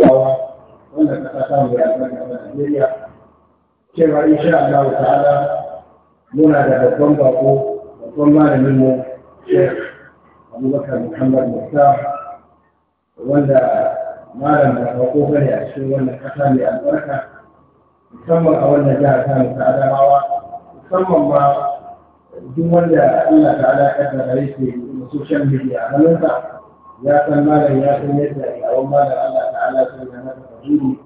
kawo wannan kasa mu ya kan Najeriya cewa insha Allah ta'ala muna da babban bako babban malamin mu Sheikh Abubakar Muhammad Musa wanda malam da bako bane a cikin wannan kasa mai albarka musamman a wannan jihar ta mu ta Adamawa musamman ma duk wanda Allah ta'ala ya kaddara yake social media a ya san malam ya san yadda ya malam على سيدنا الرجيم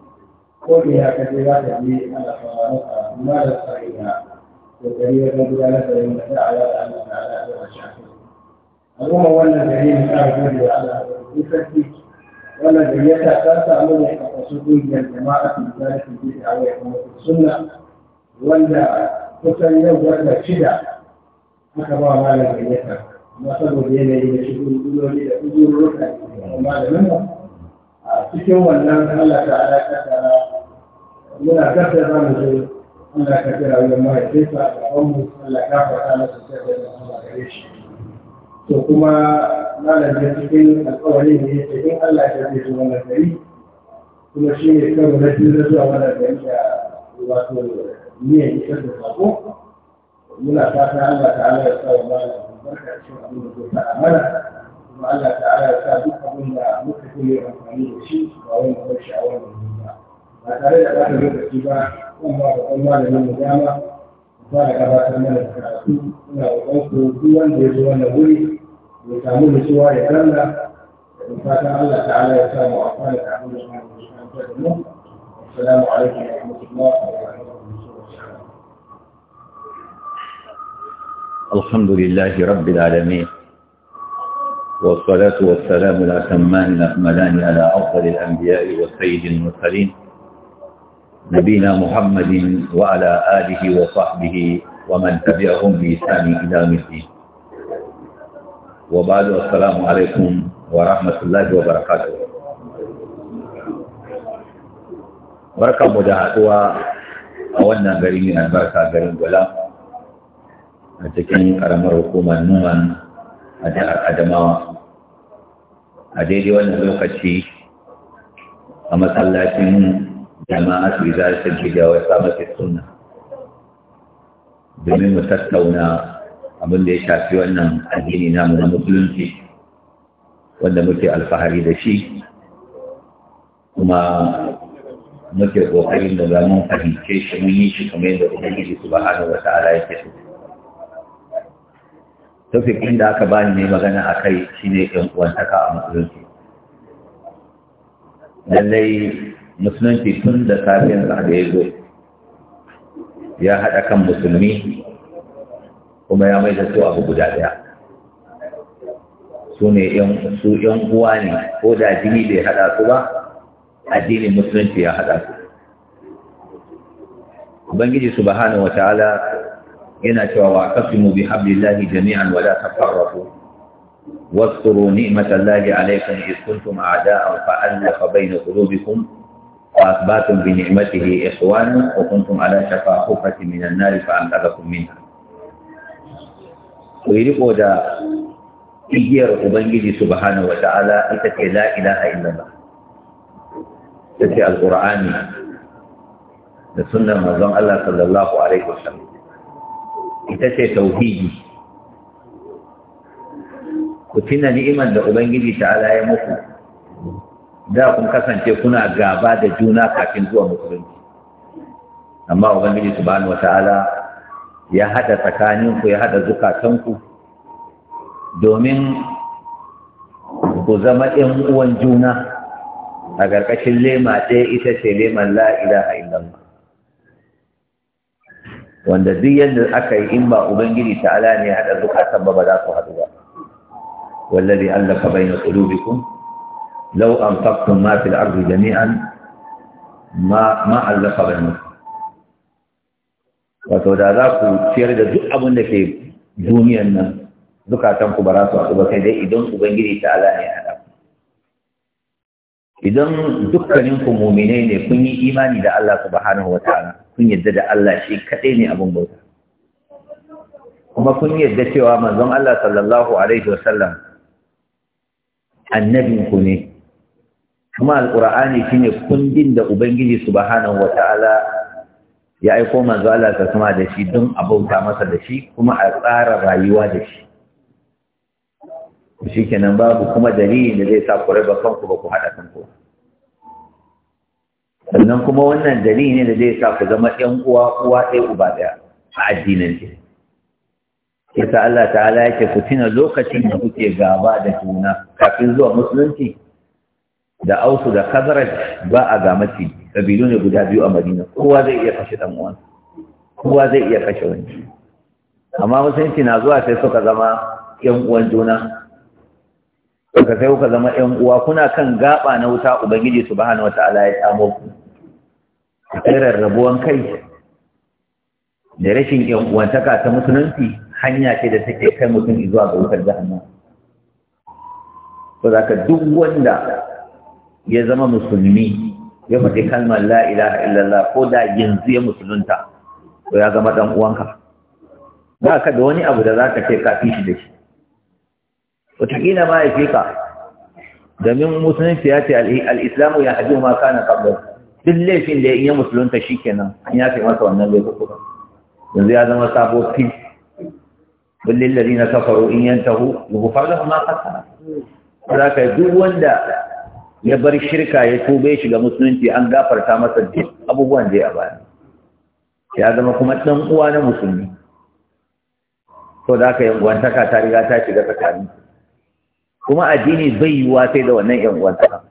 وفيها كثيرات يعني على خلالها ما لا تقريبها وكثيرة دلالة من على أن على الشافعي اللهم ولا جريمة تعرف على الفتي ولا جريمة تعمل التصدي للجماعة من ذلك البدعة وإقامة السنة ولا تسلم ولا شدة أكبر ما لا ما صدر بين يدي شكور كل ولي أجور ركعة وما لم يكن a cikin wannan Allah ta ala ta tara muna kasa za mu Allah ka kira wa mahaifinsa a gabanmu Allah ka faɗa masa sai da Allah gare shi to kuma malam da cikin alƙawarin ne yake in Allah ya zai zuwa na gari kuma shi ne karo na biyu zuwa wato niyyar isar da sako muna fata Allah ya sa wa malam barka cikin abin da mana ثم تعالى سابقا من مكه لرحمانيه شيء وين خشع وين الهزاع فتعالى بعد ذلك السباع ثم قال من نجامة وقال كما تعمل الكعبين انه قلت سوى يجوى النبوي ويتعمل سوى يتمنى فتعالى الله تعالى يسام وعطانا تعمل سبحانه وتعالى السلام عليكم ورحمه الله وبركاته الحمد لله رب العالمين والصلاة والسلام الأتمان الأكملان على أفضل الأنبياء والسيد المرسلين نبينا محمد وعلى آله وصحبه ومن تبعهم بإحسان إلى يوم الدين وبعد السلام عليكم ورحمة الله وبركاته بركة مجاهدوا أولنا غريمي البركة غريم ولا أتكين cikin karamar نوما numan أدمى a daidai wannan lokaci a masallacin jama'a su za su gida wa samatin suna domin mu tattauna abin da ya shafi wannan addini namu na musulunci wanda muke alfahari da shi kuma muke ƙoƙarin da za mu fahimce shi mun yi shi kamar yadda ubangiji subhanahu wata ala yake so topic inda aka bani ne magana a kai shi ne uwantaka a musulunci lallai musulunci tun da safiyar da ya zo ya haɗa kan musulmi kuma ya mai da su abu guda ɗaya su ne su ‘yan uwa ne ko da jini bai haɗa su ba addinin musulunci ya haɗa su Ubangiji subhanahu wa ta'ala yana cewa wa mu bi hablillahi jami'an wa la tafarraqu واذكروا نعمة الله عليكم إذ كنتم أعداء فألف بين قلوبكم وأثباتم بنعمته إخوانا وكنتم على شفا حفرة من النار فأنقذكم منها ويرقوا دا igiyar Ubangiji subhanahu wa ta'ala ita ce la ilaha illallah ta ce al'ur'ani da sunan mazan Allah sallallahu Alaihi ita ce tauhidi ku tuna ni'imar da ubangiji ta'ala ya muku da kun kasance kuna gaba da juna kafin zuwa musulunci amma ubangiji subhanahu ta'ala ya hada tsakaninku ya hada zukatanku domin ku zama ɗan uwan juna a ƙarƙashin lema ɗaya ita ce leman laila ilaha illallah wanda duk yadda aka yi in ba ubangiji ta'ala ne haɗa zukatan ba ba za su haɗu ba Allah wallazi allafa baina qulubikum law anfaqtum ma fil ardi jami'an ma ma allafa baina wato da za ku ciyar da duk abin da ke duniyan nan zukatan ku ba za su haɗu ba sai dai idan ubangiji ta'ala ne haɗa idan dukkaninku muminai ne kun yi imani da Allah subhanahu wa ta'ala kun yadda da Allah shi kaɗai ne abin bauta kuma kun yadda cewa manzon Allah sallallahu alaihi wasallam annabin ku ne kuma alqur'ani shine kundin da ubangiji subhanahu ya aiko manzo Allah ta kuma da shi don a bauta masa da shi kuma a tsara rayuwa da shi kenan babu kuma dalili da zai sa ku raba kanku ba ku haɗa kanku ba sannan kuma wannan dalili ne da zai sa ku zama ɗan uwa uwa ɗaya uba ɗaya a addinin Ya yasa Allah ta'ala yake ku tuna lokacin da kuke gaba da juna kafin zuwa musulunci da ausu da khazraj ba a ga mace kabilu ne guda biyu a Madina kowa zai iya kashe dan uwan kowa zai iya kashe wani amma musulunci na zuwa sai suka zama ƴan uwan juna Ka sai kuka zama ƴan uwa kuna kan gaba na wuta ubangiji subhanahu ala ya tsamo ku Kai rarrabuwan kai da rashin ƴan uwantaka ta musulunci hanya ce da take kai mutum zuwa ga wutar jahannama za zaka duk wanda ya zama musulmi ya faɗi kalmar la ilaha illallah ko da yanzu ya musulunta to ya zama ɗan uwanka ba ka da wani abu da zaka ce ka shi da shi wataƙila ma ya fi ka domin musulunci ya ce al'islamu ya hajji ma kana kabbar duk laifin da in ya musulunta shi kenan an yafe masa wannan laifuka yanzu ya zama sabo fil kullin lari na kafaru in yantahu gufar da ma kasa za ka duk wanda ya bar shirka ya tube shi ga musulunci an gafarta masa duk abubuwan da ya baya ya zama kuma ɗan uwa na musulmi to da aka yi uwantaka ta riga ta shiga tsakanin kuma addini bai yi sai da wannan yan uwanta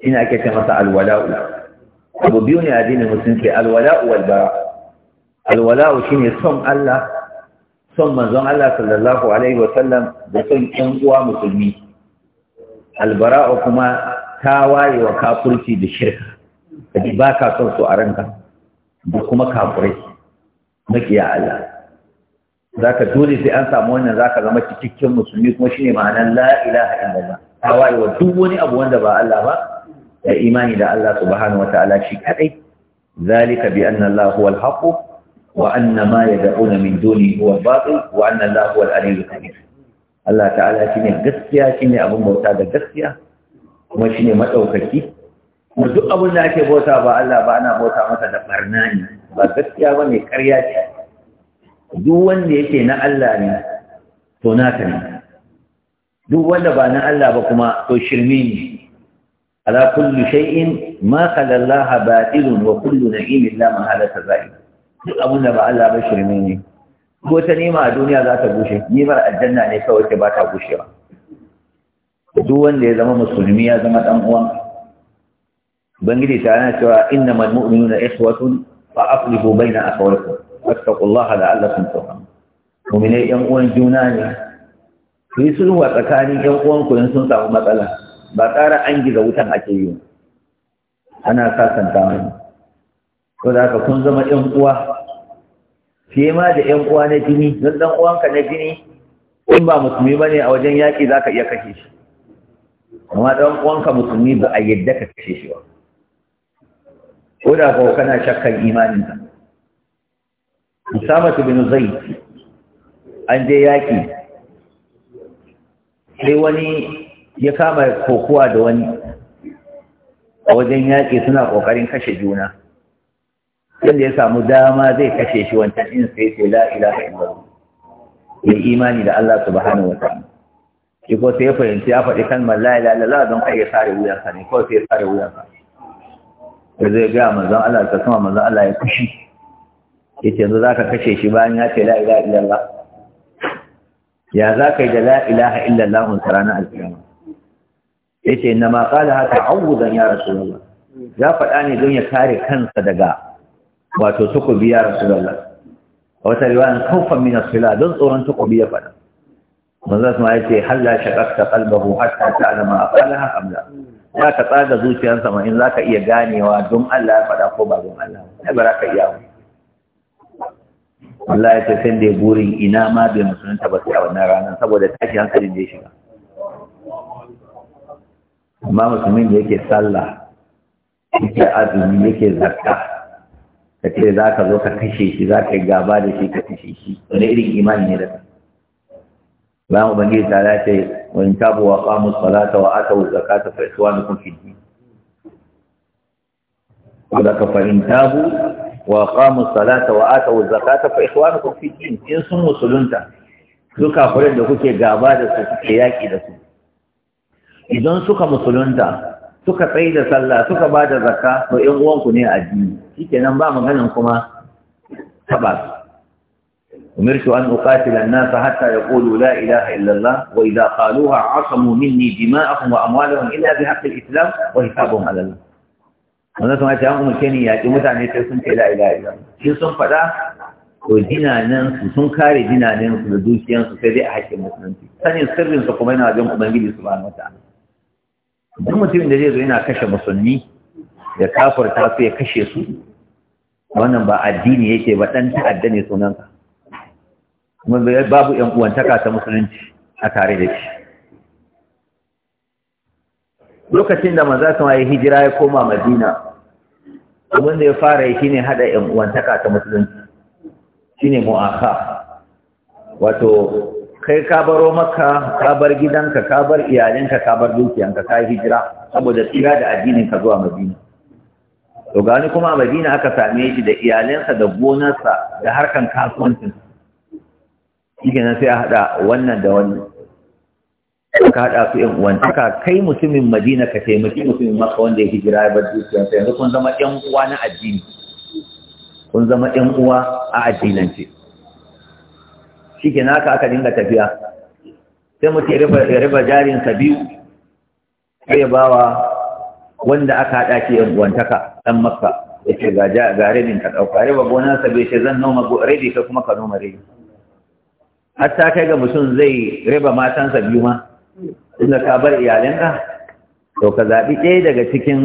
ina ake ce masa alwala'u abu biyu ne addinin musulunci alwala'u wal bara shi ne son Allah son manzon Allah sallallahu alaihi wa sallam da son yan uwa musulmi albara'u kuma ta waye wa kafurci da shirka kaji ba ka son su a ranka da kuma kafurai makiya Allah zaka dole sai an samu wannan zaka zama cikakken musulmi kuma shine ma'anar la ilaha illallah kawai wa duk wani abu wanda ba Allah ba da imani da Allah subhanahu wataala shi kadai zalika bi anna Allah huwal haqq wa anna ma yad'una min dunihi huwa batil wa anna Allah huwal aliyyul kabir Allah ta'ala shine gaskiya shine abin bauta da gaskiya kuma shine madaukaki kuma duk abin da ake bauta ba Allah ba ana bauta masa da barna ne ba gaskiya bane ƙarya ce duk wanda yake na Allah ne to naka ne duk wanda ba na Allah ba kuma to shirme ne ala kulli shay'in ma khala Allah ba'idun wa kullu na'imin la mahala tazai duk abun da ba Allah ba shirme ne ko ta nema a duniya za ta bushe nimar aljanna ne kawai ke ba ta bushewa duk wanda ya zama musulmi ya zama dan uwan ubangiji ta yana cewa innamal mu'minuna ikhwatun fa aslihu baina akhawaykum wattaqullaha la'allakum turhamun mu'minai yan uwan juna ne Su yi sulhu a tsakanin yan uwan ku sun samu matsala ba tsara an giza wutan ake yi ana sasanta mani ko da haka kun zama yan uwa fiye ma da yan uwa na jini don ɗan uwanka na jini in ba musulmi ba ne a wajen yaƙi za ka iya kashe shi amma ɗan uwanka musulmi ba a yadda ka kashe shi ba ko da ko kana shakkan imaninka Usama bin Zaid an je yaki sai wani ya kama kokuwa da wani a wajen yaƙi suna ƙoƙarin kashe juna yadda ya samu dama zai kashe shi wancan in sai ce la ilaha illallah ya imani da Allah subhanahu wa ta'ala shi ko sai ya fahimci ya faɗi kalmar la ilaha illallah don kai ya sare wuyansa ne ko sai ya sare wuyansa ya zai ga manzon Allah ta sama manzon Allah ya kushi yace yanzu zaka kashe shi bayan ya ce la ilaha illallah ya zaka yi da la ilaha illallah ta ranar alkiyama yace inna ma qala ha ta'awudan ya rasulullah ya fada ne don ya kare kansa daga wato tukubi ya rasulullah wata riwayan kaufan min as-sila don tsoron tukubi ya faɗa manzo kuma yace halla shaqaqta qalbahu hatta ta'lama aqalaha am la za ka tsada zuciyarsa ma in za ka iya ganewa don Allah ya fada ko ba don Allah ba ba za ka iya ba Allah ya ce sai da burin ina ma bai musulunta ba sai a wannan ranar saboda tashi hankalin da ya shiga amma musulmin da yake sallah yake azumi yake zakka ka ce za ka zo ka kashe shi za ka yi gaba da shi ka kashe shi wani irin imani ne da ta bayan ubangiji ta ya ce wani tabu wa qamu salata wa atu zakata fa ikhwanukum fi din wadaka fa fahimta tabu wa qamu salata wa atu zakata fa ikhwanukum fi din in sun musulunta duka kafirin da kuke gaba da su kuke yaki da su idan suka musulunta suka tsaye da sallah suka ba da zakka to ƴan uwanku ne addini shikenan ba maganin kuma taba أمرت أن أقاتل الناس حتى يقولوا لا إله إلا الله وإذا قالوها عصموا مني دماءهم وأموالهم إلا بحق الإسلام وحسابهم على الله wannan sun ce an umarce ni yaƙi mutane sai sun ce la'ila ila shi sun faɗa ko dinanen su sun kare dinanen su da dukiyan su sai dai a haƙƙi musulunci sanin sirrin su kuma yana wajen ubangiji su na wata duk mutumin da zai zo yana kashe musulmi kafar ta su ya kashe su wannan ba addini yake ba ɗan ta'adda ne sunanka kuma babu 'yan uwantaka ta musulunci a tare da shi lokacin da maza sama ya hijira ya koma madina abin da ya fara yi shine hada yan uwantaka ta musulunci shine mu'aka wato kai ka baro maka ka bar gidanka ka bar iyalinka ka bar dukiyanka ka hijira saboda tsira da addinin ka zuwa madina to gani kuma madina aka same shi da iyalinsa da gonarsa da harkan kasuwancin shi kenan sai a hada wannan da wannan ka haɗa su ‘yan uwantaka kai mutumin madina ka taimaki mutumin maka wanda ya hijira ya bar sai yanzu kun zama ‘yan uwa na addini kun zama ‘yan uwa a addinance shi ke naka aka dinga tafiya sai mutum ya riba jarinsa biyu sai ya bawa wanda aka haɗa shi ‘yan uwantaka ɗan makka ya ce ga rabin ka ɗauka riba sa bai ce zan noma rabi ka kuma ka noma rabi hatta kai ga mutum zai riba matansa biyu ma tunda ka bar iyalinka to ka zaɓi ɗaya daga cikin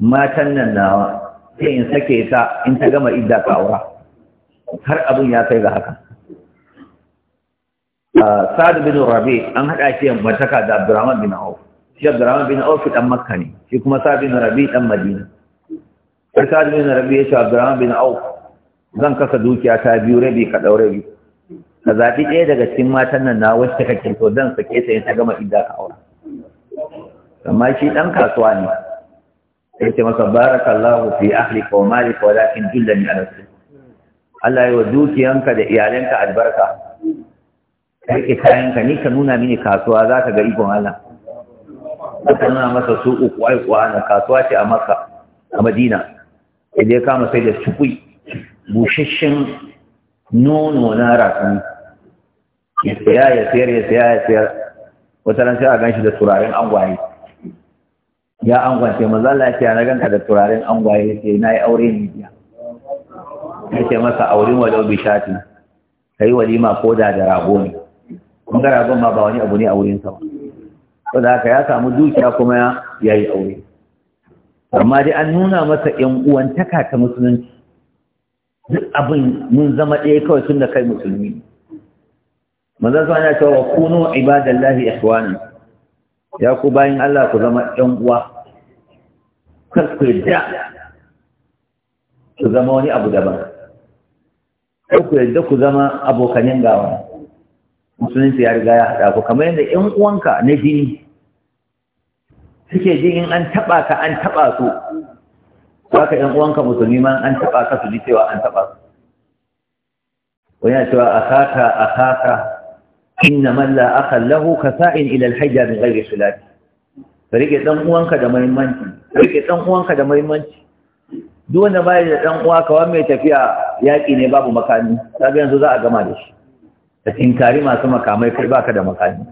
matan nan nawa sai in sake ta in ta gama idda ka aura har abin ya kai ga haka sadu bin rabi an haɗa shi mataka da abdurrahman bin awo shi abdurrahman bin fi ɗan makka ne shi kuma sadu bin rabi ɗan madina sai sadu bin rabi ya ce abdurrahman bin awo zan kasa dukiya ta biyu rabi ka ɗau rabi ka zaɓi ɗaya daga cikin matan nan na wacce kake to zan sake ta yin ta gama idda ka aura amma shi ɗan kasuwa ne sai ce masa barakallahu fi ahlika wa malika walakin ni a nasu. Allah ya wa dukiyanka da iyalanka albarka rike kayanka ni ka nuna mini kasuwa za ka ga ikon Allah aka nuna masa su uku ai kuwa na kasuwa ce a Makka a Madina idan ya kama sai da shukui bushashin nono na rasani ya tsaya ya sayar ya tsaya ya sayar wata ran sai a ganshi da turaren angwaye ya angwace manzo Allah ya na ganka da turaren angwaye sai na yi aure ne biya yake masa auren walau shati. kai walima ko da da rago ne kun ga ragon ma ba wani abu ne a wurin sa ba da haka ya samu dukiya kuma ya yi aure amma dai an nuna masa 'yan uwantaka ta musulunci duk abin mun zama ɗaya kawai tun da kai musulmi manzan su ya cewa kuno lahi ihwanan ya ku bayan Allah ku zama ɗan uwa kar ku yadda ku zama wani abu daban kar ku yadda ku zama abokanin gawa musulunci ya riga ya haɗa ku kamar yadda ƴan uwanka na jini suke jin in an taɓa ka an taɓa su haka ɗan uwanka musulmi ma an taɓa ka su ji cewa an taɓa su wani yana cewa a kaka, a kaka. inna malla a kallahu lahu sa’in ilal hajja min su lafi. ka rike ɗan uwanka da muhimmanci ka rike ɗan uwanka da muhimmanci duk wanda bai da ɗan uwa kawai mai tafiya yaƙi ne babu makami kaga yanzu za a gama da shi ka tinkari masu makamai kai baka da makami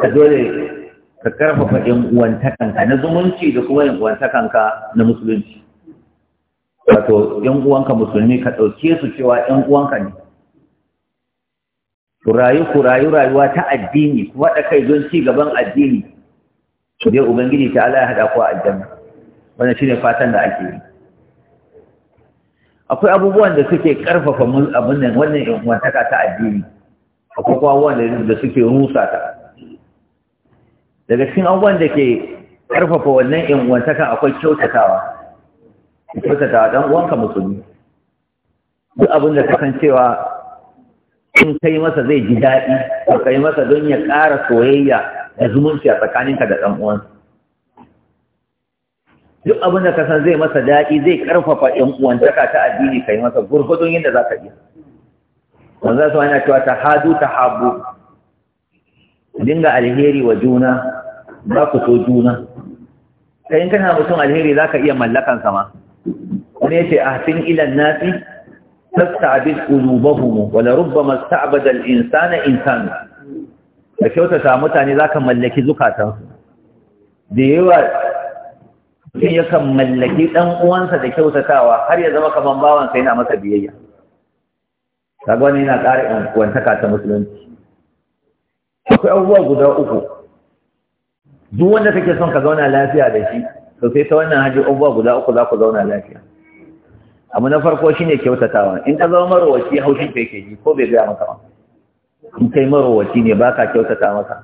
ka dole ka karfafa yan uwantakanka na zumunci da kuma yan uwantakanka na musulunci wato yan uwanka musulmi ka ɗauke su cewa yan uwanka ne ku rayu ku rayu rayuwa ta addini ku haɗa kai don ci gaban addini ku je ubangiji ta Allah ya haɗa ku a aljanna wannan shine fatan da ake yi akwai abubuwan da suke karfafa abin nan wannan yan uwantaka ta addini akwai abubuwan da suke rusa ta daga cikin abubuwan da ke ƙarfafa wannan inwantakan akwai kyautatawa kyautatawa dan uwanka musulmi duk abin da cewa in kai masa zai ji daɗi to kai masa don ya ƙara soyayya da zumunci a tsakaninka da ɗan uwan duk abin da ka san zai masa daɗi zai ƙarfafa ‘yan uwantaka ta addini ka yi masa gurgudun yadda za ka iya. Wanzan su ana cewa ta hadu ta habu, dinga alheri wa juna, za ku so juna sai in kana mutum alheri za ka iya mallakan sama wani ya ce sin ilan nasi tasta'bid qulubahum wa la rubbama sta'bada al-insana insanu da kyautata mutane za ka mallaki zukatansu da yawa ya yakan mallaki ɗan uwansa da kyautatawa har ya zama kamar bawansa na masa biyayya kaga wani yana ƙara wantaka ta musulunci akwai abubuwa guda uku duk wanda kake son ka zauna lafiya da shi to sai ta wannan haji abubuwa guda uku za ku zauna lafiya abu na farko shine kyautatawa in ka zama marowaci haushin ka yake ji ko bai gaya maka ba in kai marowaci ne ba ka kyautata maka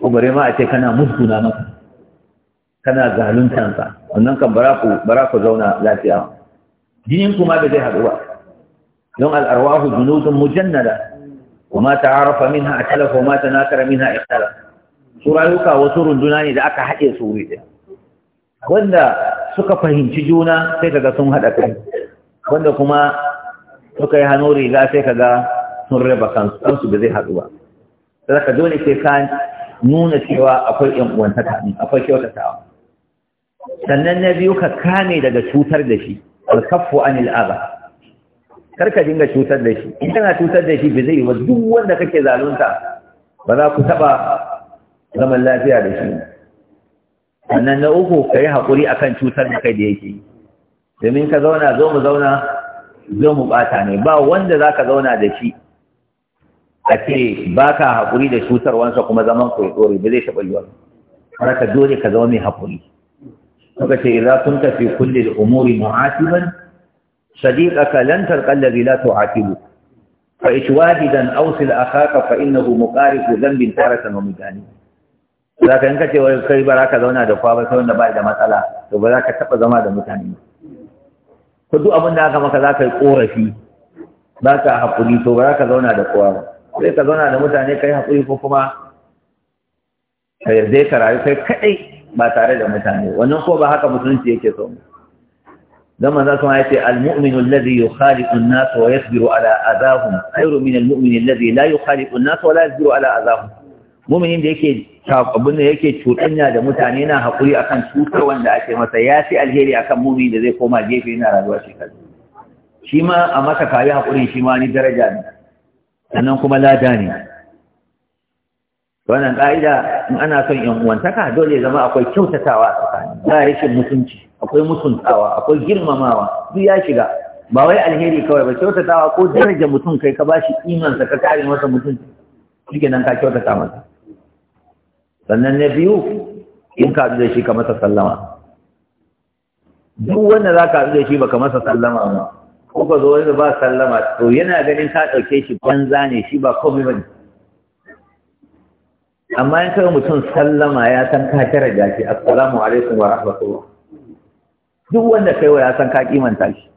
ko bare ma a ce kana musguna maka kana zaluntansa wannan kan bara ku zauna lafiya jinin kuma bai zai haɗu ba don al'arwahu junudun mujannada وما تعارف منها اختلف وما تناكر منها talafa su rayuka wasu runduna ne da aka haɗe su wuri ɗaya wanda suka fahimci juna sai kaga sun haɗa kai wanda kuma suka yi hannu riga sai kaga sun raba kansu kansu da zai haɗu ba sai ka dole sai ka nuna cewa akwai ƴan uwantaka ne akwai kyautatawa sannan na biyu ka kame daga cutar da shi alkafu anil aba kar ka dinga cutar da shi in kana cutar da shi ba zai yi ba duk wanda kake zalunta ba za ku taɓa zaman lafiya da shi sannan na uku ka yi haƙuri kan cutar da kai da yake domin ka zauna zo mu zauna zo mu ɓata ne ba wanda za ka zauna da shi a ce ba ka haƙuri da cutarwansa kuma zaman ku ya ɗore ba zai taɓa yi wani ka dole ka zama mai haƙuri suka ce idza kunta fi kulli al-umuri mu'atiban ka lan tarqa alladhi la tu'atibu fa ishwahidan awsil akhaka fa innahu muqarifu dhanbin taratan wa midani za ka yanka cewa kai ba za ka zauna da kwa ba sai wanda ba da matsala to ba za ka taɓa zama da mutane ko duk abin da aka maka za ka yi ƙorafi ba ka haƙuri to ba za ka zauna da kowa ba sai ka zauna da mutane kai haƙuri ko kuma ka yarda ka rayu kai kaɗai ba tare da mutane wannan ko ba haka musulunci yake so dan manzo sun ya ce mu'minu alladhi yukhaliqu an-nas wa yasbiru ala adahum khairu min almu'min alladhi la yukhaliqu an-nas wa la yasbiru ala adahum muminin da yake abin da yake cuɗanya da mutane na haƙuri akan cutar wanda ake masa ya fi alheri akan mumini da zai koma gefe yana rayuwa shi kan shi ma a masa kayi haƙurin shi ma ni daraja ne sannan kuma lada ne wannan ƙa'ida in ana son yan uwantaka dole zama akwai kyautatawa a tsakani ba rashin mutunci akwai mutuntawa akwai girmamawa duk ya shiga ba wai alheri kawai ba kyautatawa ko daraja mutum kai ka bashi imansa ka kare masa mutunci shi nan ka kyautata masa sannan na biyu in ka da shi ka masa sallama duk wanda za ka da shi ba ka masa sallama ba ko ka zo wani ba sallama to yana ganin ka ɗauke shi banza ne shi ba komai ba ne amma in kai mutum sallama ya san ka kira da shi assalamu alaikum wa rahmatullah duk wanda kai wa ya san ka kimanta shi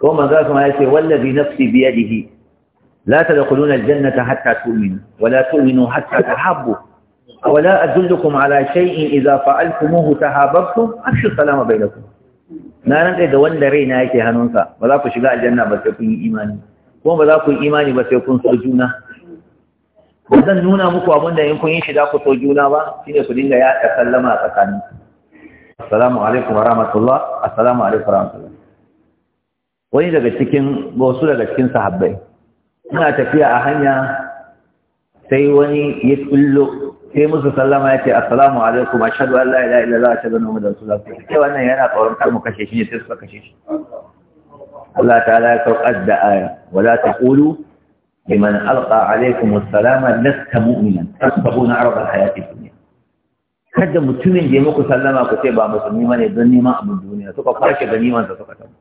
ko manzo kuma ya ce wallazi nafsi biyadihi لا تدخلون الجنة حتى تؤمنوا ولا تؤمنوا حتى تحبوا ولا أدلكم على شيء إذا فعلتموه تحاببتم أخشوا السلام بينكم na nan ɗaya da wanda raina yake hannunsa ba za ku shiga aljanna ba sai kun yi imani kuma ba za ku yi imani ba sai kun so juna ba zan nuna muku abin da in kun yi shi za ku so juna ba shine ku dinga yaɗa alaikum wani daga cikin wasu daga cikin sahabbai suna tafiya a hanya sai wani ya tsullo sai musu sallama ya ce assalamu alaikum ashhadu an la ilaha illallah ashhadu anna muhammadan rasulullah sai wannan yana tsoron kar mu kashe shi ne sai suka kashe shi Allah ta'ala ya saukar da aya wala taqulu liman alqa alaikum assalama lasta mu'minan na arda hayati dunya kada mutumin da ya muku sallama ku ce ba musulmi ne don neman abin duniya suka kwashe ganimansa sa suka tabbata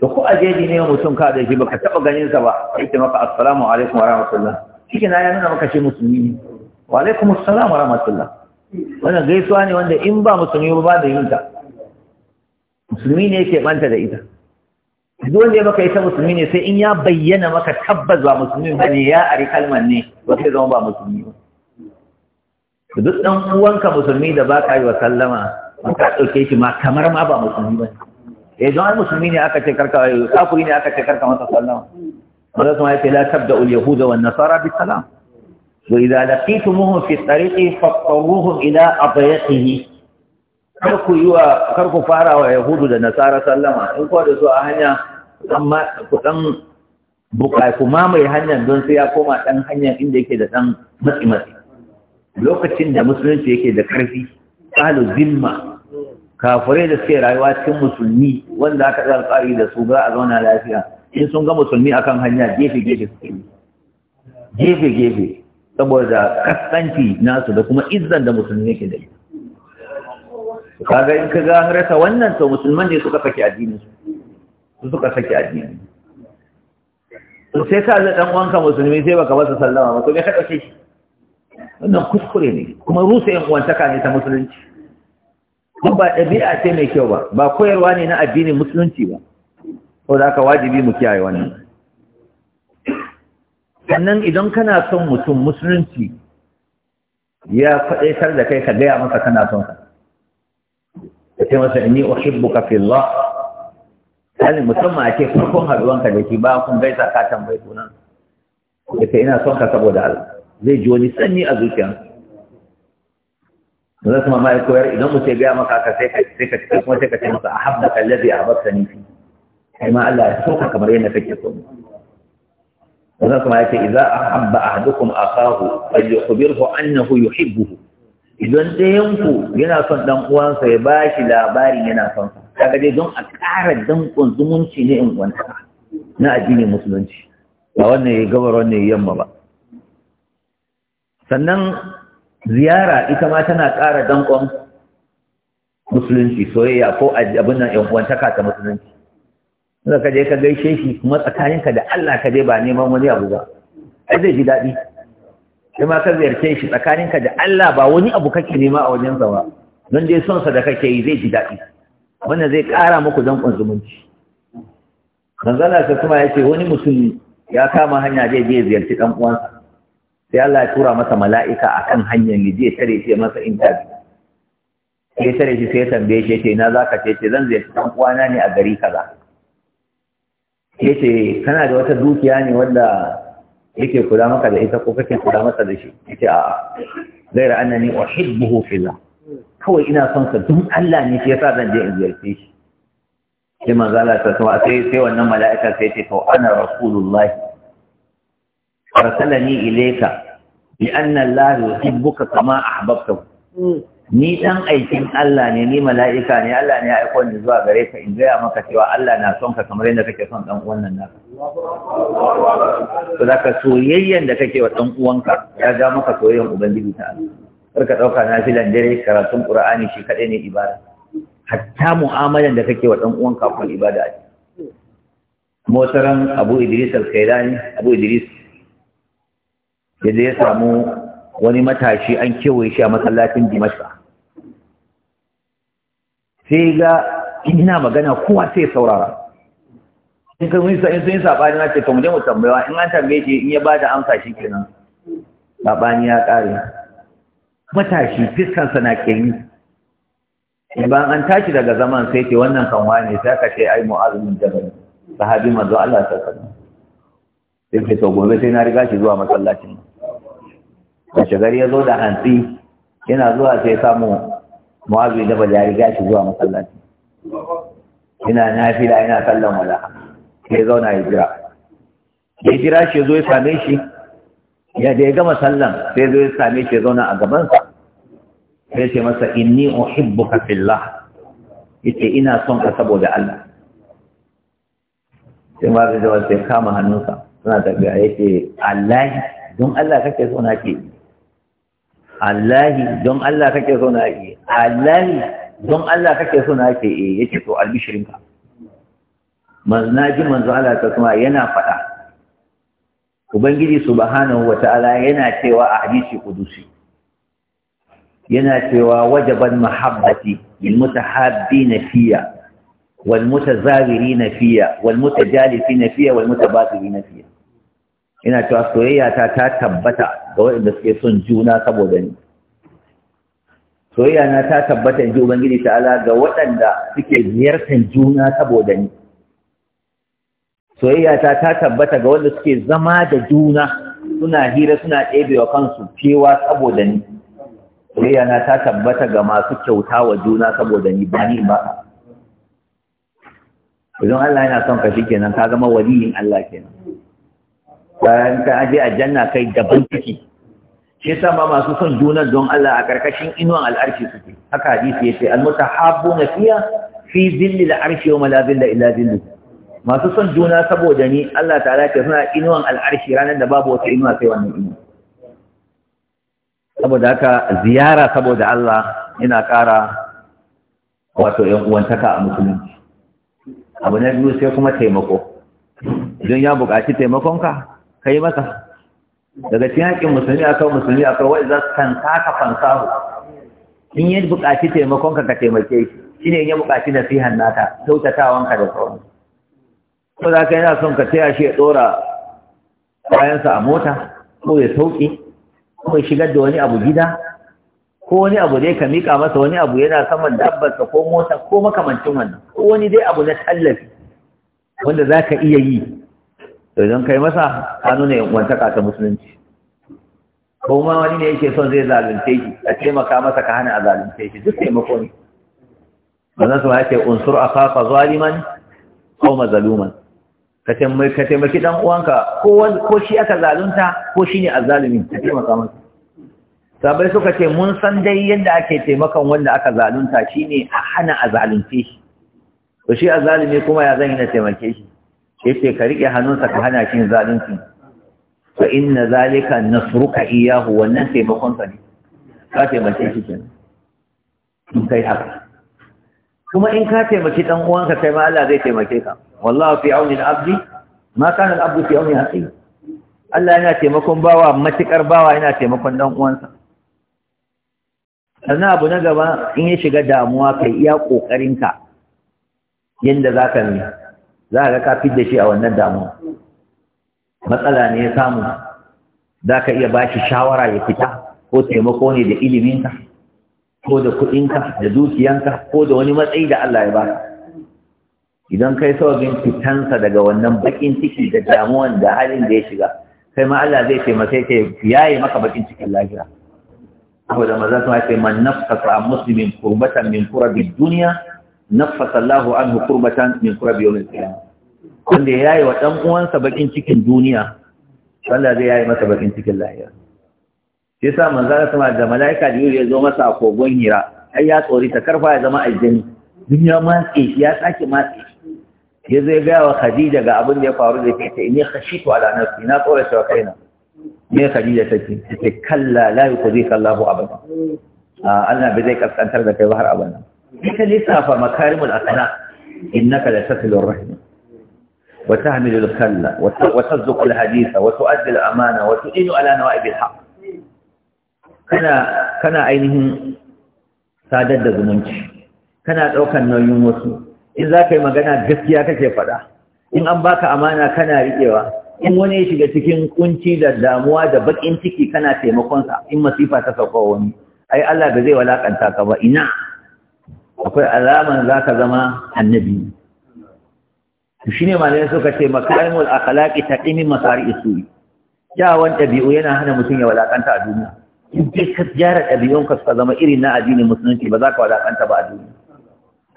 to ko a ne mutum ka da shi baka taba ganin sa ba sai maka assalamu alaikum wa rahmatullah cikin ya nuna maka shi musulmi ne wa alaikum assalam wa rahmatullah wannan gaisuwa ne wanda in ba musulmi ba da yin ta musulmi ne yake banta da ita duk wanda ya maka ita musulmi ne sai in ya bayyana maka tabbas ba musulmi ba ne ya ari kalmar ne ba sai zama ba musulmi ba duk dan uwanka musulmi da ba ka yi wa sallama ba ka ɗauke shi ma kamar ma ba musulmi ba ne eh don musulmi ne aka ce karka kafiri ne aka ce karka wata sallama wanda kuma yace la tabda da yahuda wa nasara bi salam wa idza laqitumuhum fi tariqi faqtaruhum ila adyaqihi kar ku yi wa kar ku fara wa yahudu da nasara sallama in ko da su a hanya amma ku dan bukai ku mamaye hanyar don sai ya koma dan hanyar inda yake da dan matsi matsi lokacin da musulunci yake da karfi qalu zimma kafirai da suke rayuwa cikin musulmi wanda aka ɗaga alƙari da su ba a zauna lafiya in sun ga musulmi akan hanya gefe gefe suke gefe gefe saboda kaskanci nasu da kuma izzan da musulmi yake da kaga in ka ga rasa wannan to musulman ne suka saki addinin su suka saki addinin to sai ka ga dan uwanka musulmi sai baka masa sallama ba to me ka dauke shi wannan kuskure ne kuma rusa yan uwantaka ne ta musulunci kuma ba ɗabi'a ce mai kyau ba ba koyarwa ne na addinin musulunci ba ko da aka wajibi mu kiyaye wannan sannan idan kana son mutum musulunci ya faɗaitar da kai ka gaya masa kana son ka ka ce masa ka fi fillah kalin musamman a ce farkon ka da shi ba kun gaisa ka tambayi sunan ce ina son ka saboda Allah zai ji wani sanyi a zuciyarsa zai kuma ma koyar idan mutum ya gaya maka ka sai ka sai ka cikin kuma sai ka ce a habda kallabi a habda ni fi kai ma Allah ya soka kamar yadda kake so zai kuma ya ce idza ahabba ahadukum akahu falyukhbirhu annahu yuhibbuhu idan ɗayan ku yana son ɗan uwansa ya bashi labarin yana son sa kaga dai don a ƙara danƙon zumunci ne in wanta na addinin musulunci ba wannan ya gabar wannan ya yamma ba sannan ziyara ita ma tana ƙara danƙon musulunci soyayya ko abin nan uwantaka ta musulunci inda ka je ka gaishe shi kuma tsakaninka da Allah ka je ba neman wani abu ba ai zai ji daɗi sai ma ka ziyarce shi tsakaninka da Allah ba wani abu kake nema a wajen sa ba don dai son sa da kake yi zai ji daɗi wannan zai ƙara muku danƙon zumunci manzala sai kuma ya ce wani musulmi ya kama hanya zai je ziyarci dan uwansa sai Allah ya tura masa mala'ika a kan hanyar ne zai tare shi masa intabi sai tare shi sai ya tambaye shi ce na za ka ce ce zan zai san kwana ne a gari kaza ya ce kana da wata dukiya ne wanda yake kula maka da ita ko kake kula masa da shi ya ce a'a gaira annani buhu fila kawai ina son sa dun Allah ne shi ya sa zan je in ziyarce shi sai manzo Allah ta sama sai sai wannan mala'ika sai ce to ana rasulullahi arsalani ilayka bi anna Allah yuhibbuka kama ahbabtahu ni dan aikin Allah ne ni mala'ika ne Allah ne ya aiko ni zuwa gare ka in gaya maka cewa Allah na son ka kamar yadda kake son dan uwan nan naka to zaka soyayyen da kake wa dan uwanka ya ga maka soyayyen ubangiji ta Allah karka dauka filan dare karatun Qur'ani shi kadai ne ibada hatta mu'amalan da kake wa dan uwanka kun ibada ce motaran Abu Idris al-Khairani Abu Idris ya je ya samu wani matashi an kewaye shi a masallacin dimashka sai ga ina magana kowa sai ya saurara in kan wani sa'in sun yi saɓani na ce kan mu tambayawa in an tambaye shi in ya ba da amsa shi kenan saɓani ya ƙare matashi fiskansa na ƙiri Iban an tashi daga zaman sai ce wannan kan wane sai aka ce ai mu'azumin jabal sahabi manzo Allah ta alaihi sai ke to gobe sai na riga shi zuwa masallacin wace gari ya zo da hantsi yana zuwa sai samu mu'azu da bala riga shi zuwa masallaci ina nafila ina sallan wala sai zauna ya jira ya jira shi zo ya same shi ya da ya gama sallan sai zo ya same shi ya zauna a gabansa sai ce masa inni uhibbuka fillah yace ina son ka saboda Allah sai ma da wasu kama hannunsa suna tafiya yake Allah don Allah kake so na ke Allahi don Allah kake so na ake Allahi don Allah kake so na ake eh yake to albishirinka na ji manzo Allah ta kuma yana faɗa Ubangiji subhanahu wa ta'ala yana cewa a hadisi kudusi yana cewa wajaban mahabbati haɗi na fiya wal na fiya jalifi na fiya wal na fiya ina cewa soyayya ta ta tabbata ga waɗanda suke son juna saboda ni soyayya na ta tabbata in ji ubangiji ala ga waɗanda suke ziyartar juna saboda ni soyayya ta tabbata ga waɗanda suke zama da juna suna hira suna ɗebewa kansu cewa saboda ni soyayya na ta tabbata ga masu kyauta wa juna saboda ni ba ni ba idan Allah yana son ka shi kenan, ka zama waliyin Allah kenan bayan ka a aljanna kai daban ciki shi yasa ma masu son juna don Allah a karkashin inuwan al'arshi suke haka hadisi yace almutahabbuna nafiya fi zilli al'arshi wa la zilla illa zilli masu son juna saboda ni Allah ta'ala ce suna inuwan al'arshi ranar da babu wata inuwa sai wannan inuwa saboda haka ziyara saboda Allah yana ƙara wato 'yan uwantaka a musulunci abu na biyu sai kuma taimako idan ya buƙaci taimakonka ka yi maka daga cikin haƙƙin musulmi a kan musulmi a kan za kan kanta ka hu in ya buƙaci taimakon ka ka taimake shi shi ne yi buƙaci nasihan naka kyautatawan ka da sauran ko za ka yana son ka taya shi ya ɗora bayansa a mota ko ya sauƙi ko ya shigar da wani abu gida ko wani abu dai ka miƙa masa wani abu yana saman dabbarsa ko mota ko makamancin wannan ko wani dai abu na tallafi wanda za ka iya yi idan kai masa ka nuna yankwantaka ta musulunci ko ma wani ne yake son zai zalunce shi a taimaka masa ka hana a zalunce shi duk taimako ne wannan su ya yake unsur akaka zaliman aw mazluman ka taimaki ka taimaki dan uwanka ko ko shi aka zalunta ko shi a azzalimin ka taimaka masa sabai suka ce mun san dai yadda ake taimakon wanda aka zalunta shine a hana a zalunce shi to shi azzalimi kuma ya zan yi na taimake shi yace ka rike hannunsa ka hana shi zalunci fa inna zalika nasruka iyahu wannan taimakon sa ne ka mace shi ke in kai haka kuma in ka taimaki dan uwanka kai ma Allah zai taimake ka wallahu fi auni al-abdi ma kana al-abdu fi auni akhi Allah yana taimakon bawa matikar bawa yana taimakon dan uwansa sannan abu na gaba in ya shiga damuwa kai iya ka yanda zaka yi. za a ga ka da shi a wannan damuwa matsala ne ya samu za ka iya shi shawara ya fita ko taimako ne da iliminka ko da kuɗinka da dukiyanka ko da wani matsayi da Allah ya baka idan kai sababin fitansa daga wannan bakin ciki da damuwan da halin da ya shiga kai ma Allah zai taimaka ka yaye maka bakin cikin lafiya saboda maza su ce man nafsaka muslimin kurbatan min kurabi dunya nafasa Allahu anhu kurbatan min kurabi yawmin qiyamah wanda ya yi wa ɗan uwansa bakin cikin duniya Allah zai yayi masa bakin cikin lahira sai sa manzo Allah sama da malaika da ya zo masa a kogon hira ai ya tsori ta karfa ya zama aljani duniya ma ya sake ma tsi ya zai ga wa Khadija ga abin da ya faru da kai ta inni khashitu ala nafsi na tsora shi wa kaina me Khadija take ce kalla la yuqdika Allahu abada ah, Allah bai zai kaskantar da kai har abada ita lissafa makarimul akhlaq innaka la rahim wa tahmilul kalla wa tazzuqul haditha wa tu'addil amana wa tu'inu ala nawa'ibil haqq kana kana ainihin sadar da zumunci kana daukan nauyin wasu in za ka yi magana gaskiya kake faɗa in an baka amana kana riƙewa in wani ya shiga cikin kunci da damuwa da bakin ciki kana taimakonsa in masifa ta sauka wani ai Allah ba zai walaƙanta ka ba ina akwai alaman za ka zama annabi shi ne malamai suka ce makarimul ta taqimi masari isu kyawan ɗabi'u yana hana mutum ya walakanta a duniya in ce ka gyara ka suka zama irin na addinin musulunci ba za ka walakanta ba a duniya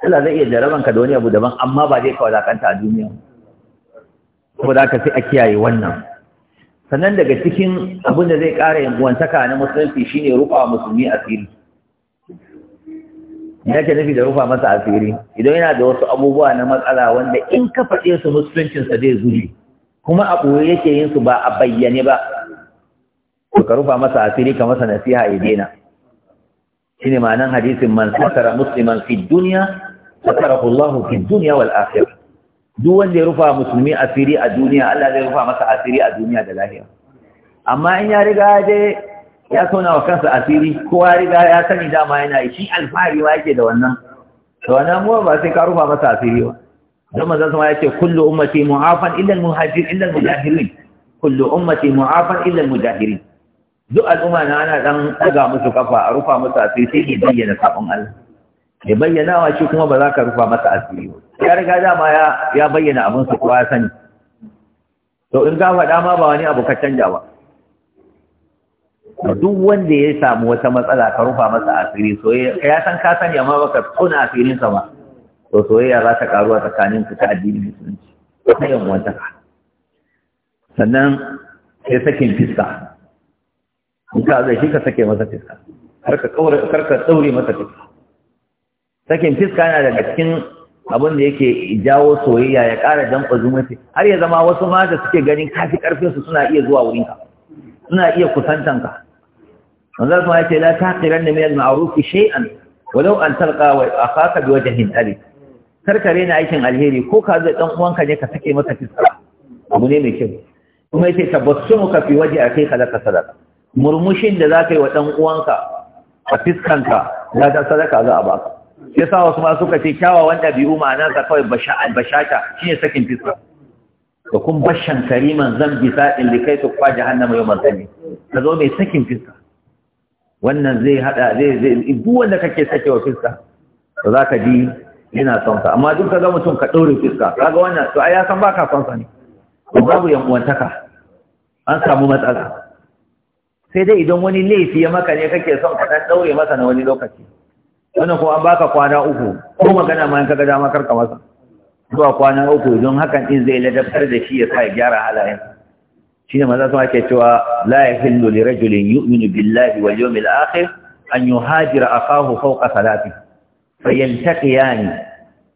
Allah zai iya jaraban ka da wani abu daban amma ba zai ka walakanta a duniya ko za ka sai a kiyaye wannan sannan daga cikin abin da zai ƙara yanzuwantaka na musulunci shine rufa musulmi asiri ya ke nufi da rufa masa asiri idan yana da wasu abubuwa na matsala wanda in ka faɗe su musuluncinsa zai zuri kuma a ɓoye yake yin su ba a bayyane ba to ka rufa masa asiri ka masa nasiha ya daina shine ma'anan hadisin man satara musliman fi duniya satarahu Allah fi duniya wal akhirah duk wanda ya rufa musulmi asiri a duniya Allah zai rufa masa asiri a duniya da lahira amma in ya riga ya ya sauna wa kansa asiri kowa riga ya sani dama yana yi shi alfahari ma yake da wannan to wannan mu ba sai ka rufa masa asiri ba don manzo sama yace kullu ummati mu'afan illa al-muhajir illa al-mujahirin kullu ummati mu'afan illa al-mujahirin duk al'umma na ana dan daga musu kafa a rufa musu asiri sai ke bayyana sabon Allah ya bayyana wa shi kuma ba za ka rufa masa asiri ba ya riga dama ya ya bayyana abin su kowa sani to in ga faɗa ma ba wani abu ka canja ba duk wanda ya samu wata matsala ka rufa masa asiri soyayya ya san ka sani amma baka tona asirin sa ba to soyayya za ta karuwa tsakanin ka ta addinin musulunci ta yan wata sannan sai sakin fiska in ka zai shi ka sake masa fiska kar ka karka daure masa fiska sakin fiska yana daga cikin abin da yake jawo soyayya ya kara damƙa zumunci har ya zama wasu mata suke ganin kafi ƙarfinsu suna iya zuwa wurinka suna iya kusantanka manzon kuma yace la taqiranna min al-ma'ruf shay'an walau an talqa wa akhaka bi wajhin alif karkare na aikin alheri ko ka zai dan uwanka ne ka sake masa fiska abu ne mai kyau kuma yace tabassumuka fi wajhi akika laka sadaqa murmushin da zaka yi wa dan uwanka a fiskanka za ta sadaka za a baka sai sa wasu ma suka ce kyawawan ɗabi'u ma'ana sa kawai bashata shine sakin fiska da kun bashan kariman zan bisa in likai tukwa jahannama yau manzani ka zo mai sakin fiska wannan zai hada zai zai duk wanda kake sake wa fiska to za ka ji yana son ka amma duk ka ga mutum ka ɗaure fiska kaga wannan to ai ya san baka son sa ne babu yan uwantaka an samu matsala sai dai idan wani laifi ya maka ne kake son ka dan ɗaure masa na wani lokaci wannan ko an baka kwana uku ko magana ma in kaga dama karka masa zuwa kwana uku don hakan din zai ladabtar da shi ya sa ya gyara halayen shine manzo sun ake cewa la yahillu li rajulin yu'minu billahi wal yawmil akhir an yuhajira akahu fawqa salati fayaltaqiyani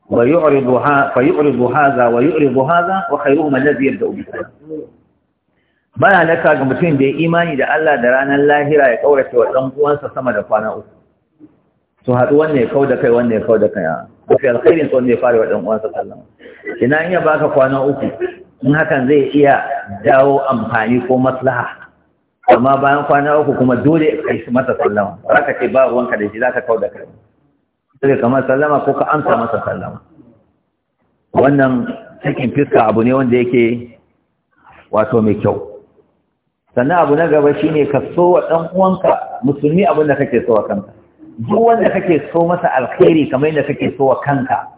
wa yu'riduha fa yu'ridu hadha wa yu'ridu hadha wa khayruhum alladhi yabda'u bi bana naka ga mutum da ya imani da Allah da ranar lahira ya kaurace wa dan uwansa sama da kwana uku to hadu wanne ya kau da kai wanne ya kau da kai fi alkhairin to wanda ya fara wa ɗan uwansa sallama ina in ya baka kwana uku in hakan zai iya dawo amfani ko maslaha amma bayan kwana uku kuma dole ka yi masa sallama ba ka ce ba ruwanka da shi za ka kawo da kai sai kamar sallama ko ka amsa masa sallama wannan cikin fiska abu ne wanda yake wato mai kyau sannan abu na gaba shine ka so wa dan uwanka musulmi abin da kake so wa kanka duk wanda kake so masa alkhairi kamar yadda kake so wa kanka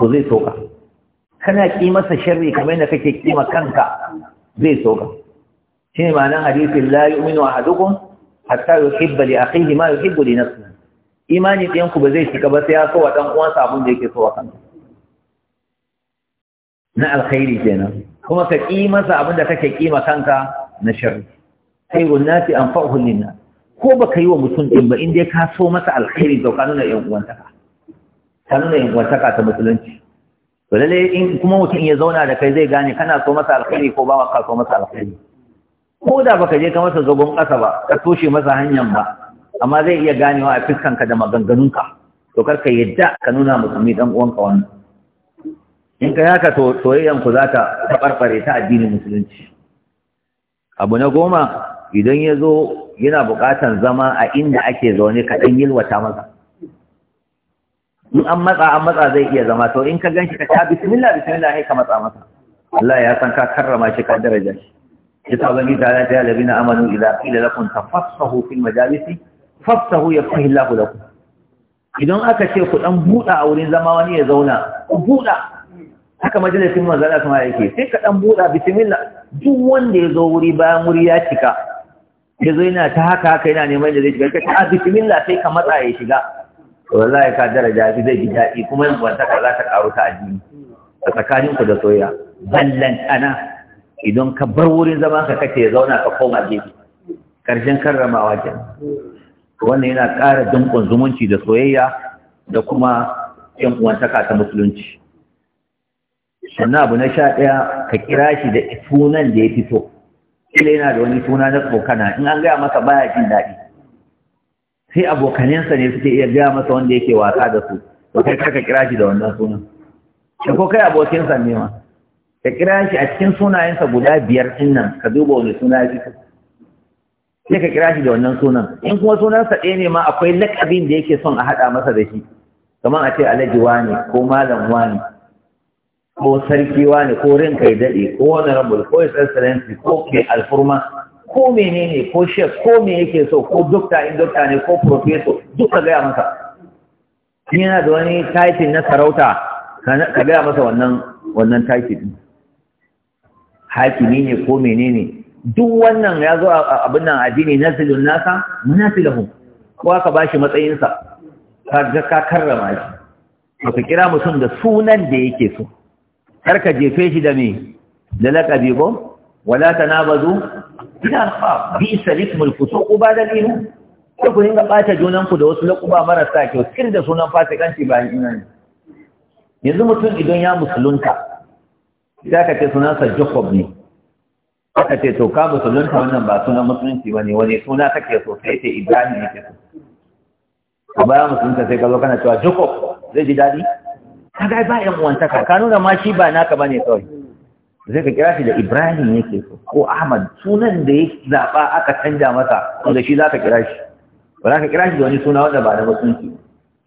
to zai so ka kana ki masa sharri kamar yadda kake kima kanka zai so ka shi ne ma'anar hadisin la yu'minu ahadukum hatta yuhibba li akhihi ma yuhibbu li nafsihi imani ɗayan ku ba zai shiga ba sai ya so wa dan uwansa abin da yake so wa kanka na alkhairi kenan kuma ka ki masa abin da kake kima kanka na sharri khairun an fa'u linnas ko baka yi wa mutum din ba in dai ka so masa alkhairi da ka nuna yan uwantaka ka yan uwantaka ta musulunci to lalle in kuma mutum ya zauna da kai zai gane kana so masa alkhairi ko ba ka so masa alkhairi ko da baka je ka masa zogon ƙasa ba ka toshe masa hanyar ba amma zai iya ganewa a ka da maganganunka to karka yadda ka nuna musulmi dan uwanka wannan in ka haka to soyayyan ku za ta tabarbare ta addinin musulunci abu na goma idan ya zo yana buƙatar zama a inda ake zaune ka ɗan yilwata masa in an matsa an matsa zai iya zama to in ka gan shi ka ta ah, bismillah bismillah sai ka matsa masa Allah ya san ka karrama shi ka daraja shi kita ubangi ta'ala ta labina amanu ila ila lakum tafassahu fil majalisi fafsahu yafsahu Allah lakum idan aka ce ku dan buda a wurin zama wani ya zauna ku buda haka majalisin manzo Allah kuma yake sai ka dan buda bismillah duk wanda ya zo wuri bayan wuri ya cika ya zo yana ta haka haka yana neman da zai shiga ka ta ah, bismillah sai ka matsa ya shiga to wallahi ka daraja shi zai ji daɗi kuma yin wantaka za ta ƙaru ta addini a tsakanin ku da soyayya ballan ana idan ka bar wurin zama ka kace zauna ka koma gefe ƙarshen karramawa kenan wannan yana ƙara dunkun zumunci da soyayya da kuma ‘yan uwantaka ta musulunci. Sannan abu na sha ɗaya ka kira shi da sunan da ya fito, ila yana da wani suna na tsokana in an gaya masa baya jin daɗi, sai abokanensa ne suke iya gaya masa wanda yake wasa da su to kai karka kira shi da wannan sunan da ko kai abokinsa ne ma ka kira shi a cikin sunayensa guda biyar din nan ka duba wani suna ya fito sai ka kira shi da wannan sunan in kuma sunansa ɗaya ne ma akwai lakabin da yake son a haɗa masa da shi kamar a ce alhaji wani ko malam wani ko sarki wani ko rinka ya daɗe ko wani rabul ko ya ko ke alfurma ko menene ko shek ko me yake so ko dokta in dokta ne ko professor duka gaya masa yana da wani title na sarauta ka gaya masa wannan wannan title hakimi ne ko menene duk wannan ya zo abin nan addini na nasilun nasa munafilahu ko aka bashi matsayinsa ka ga ka karrama shi ka kira mutum da sunan da yake so kar ka jefe shi da me da laƙabi ko wala tanabazu bil alqab bi'sa ismul fusuq ba'da al-iman ku dinga bata junan ku da wasu lokuba marasa kyau sir da sunan fasikanci bayan ne. yanzu mutum idan ya musulunta sai ka ce sa Jacob ne aka ce to ka musulunta wannan ba sunan musulunci ba ne wani suna kake so sai ce Ibrahim ne ke so ba ya musulunta sai ka zo kana cewa Jacob zai ji daɗi ka ga ba yan wanta ka nuna ma shi ba naka bane kawai zai ka kira shi da ibrahim yake so ko ahmad sunan da ya zaɓa aka canja masa da shi za ka kira shi ba za ka kira shi da wani suna wanda ba na musulunci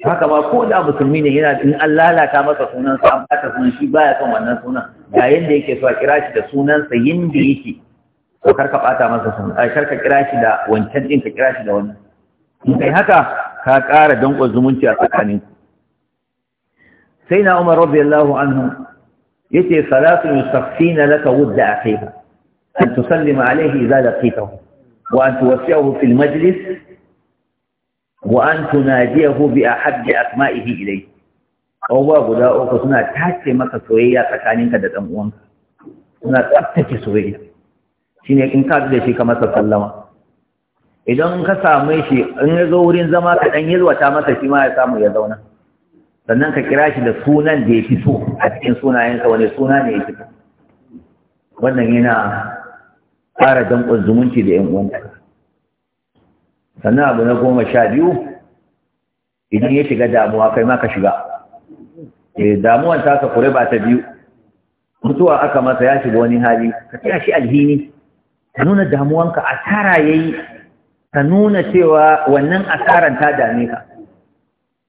haka ma ko da musulmi ne yana in an lalata masa sunan sa an bata sunan shi baya son wannan sunan yayin da yake so a kira shi da sunan sa yinda yake ko kar ka bata masa sunan kar ka kira shi da wancan din ka kira shi da wannan in kai haka ka ƙara danƙon zumunci a tsakanin sai na Umar radiyallahu anhu yace salatu yusaffina laka wudda akhiha an tusallima alayhi idza laqitahu wa an tuwaffi'ahu fil majlis wa an tunadiyahu bi ahaddi asma'ihi ilayhi abubuwa guda uku suna tace maka soyayya tsakaninka da ɗan uwanka suna tsaftace soyayya shine in ka da shi ka masa sallama idan ka same shi in ya zo wurin zama ka ɗan yalwata masa shi ma ya samu ya zauna sannan ka kira shi da sunan da ya fi so a cikin sunayensa wani suna ne ya fi wannan yana fara danƙon zumunci da ‘yan uwanta sannan abu na goma sha biyu idan ya shiga damuwa kai ma ka shiga eh damuwan ta ka kure ba ta biyu mutuwa aka masa ya shiga wani hali ka kira shi alhini ka nuna damuwanka asara yayi ka nuna cewa wannan asaran ta dame ka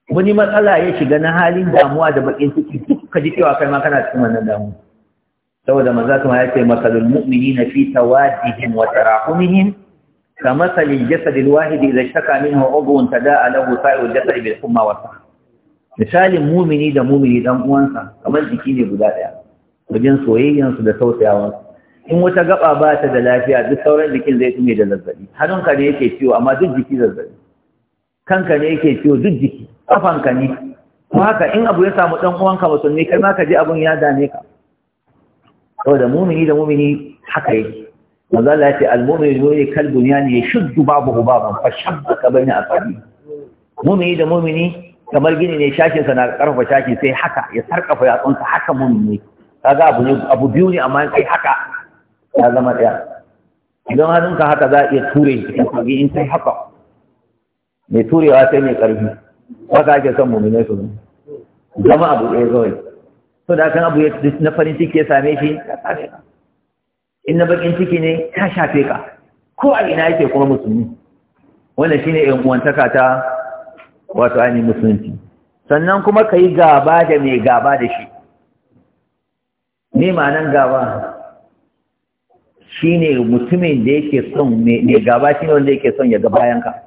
wani matsala ya shiga na halin damuwa da bakin ciki duk ka ji cewa kai ma kana cikin wannan damu saboda manzo kuma ya ce masalul mu'minina fi tawadihim wa tarahumihim كمثل الجسد الواحد إذا اشتكى منه عضو تداعى له سائر الجسد بالحمى والسهر misalin mumini da mumini dan uwansa kamar jiki ne guda daya wajen soyayyansu da tausayawansu in wata gaba ba ta da lafiya duk sauran jikin zai tume da zazzabi hannunka ne yake ciwo amma duk jiki zazzabi kanka ne yake ciwo duk jiki kafanka ne ko haka in abu ya samu dan uwanka ne kai ma ka ji abun ya dame ka saboda mumini da mumini haka yake manzo Allah ya ce al-mu'minu yu'minu kal bunyani yashuddu babahu baban fa shabbaka a asabi mumini da mumini kamar gini ne shakin sa na karfa shaki sai haka ya sarkafa yatsunsa haka mumini kaga abu ne abu biyu ne amma kai haka ya zama daya idan hannunka haka za a iya ture shi in kai haka mai turewa sai mai karfi haka ake son mummune su zama abu ɗaya kawai so da kan abu na farin ciki ya same shi in na bakin ciki ne ka shafe ka ko a ina yake kuma musulmi wannan shine yan uwantakata, ta wato ainihin musulunci sannan kuma ka yi gaba da mai gaba da shi nema nan gaba shine mutumin da yake son mai gaba shine wanda yake son ya ga ka.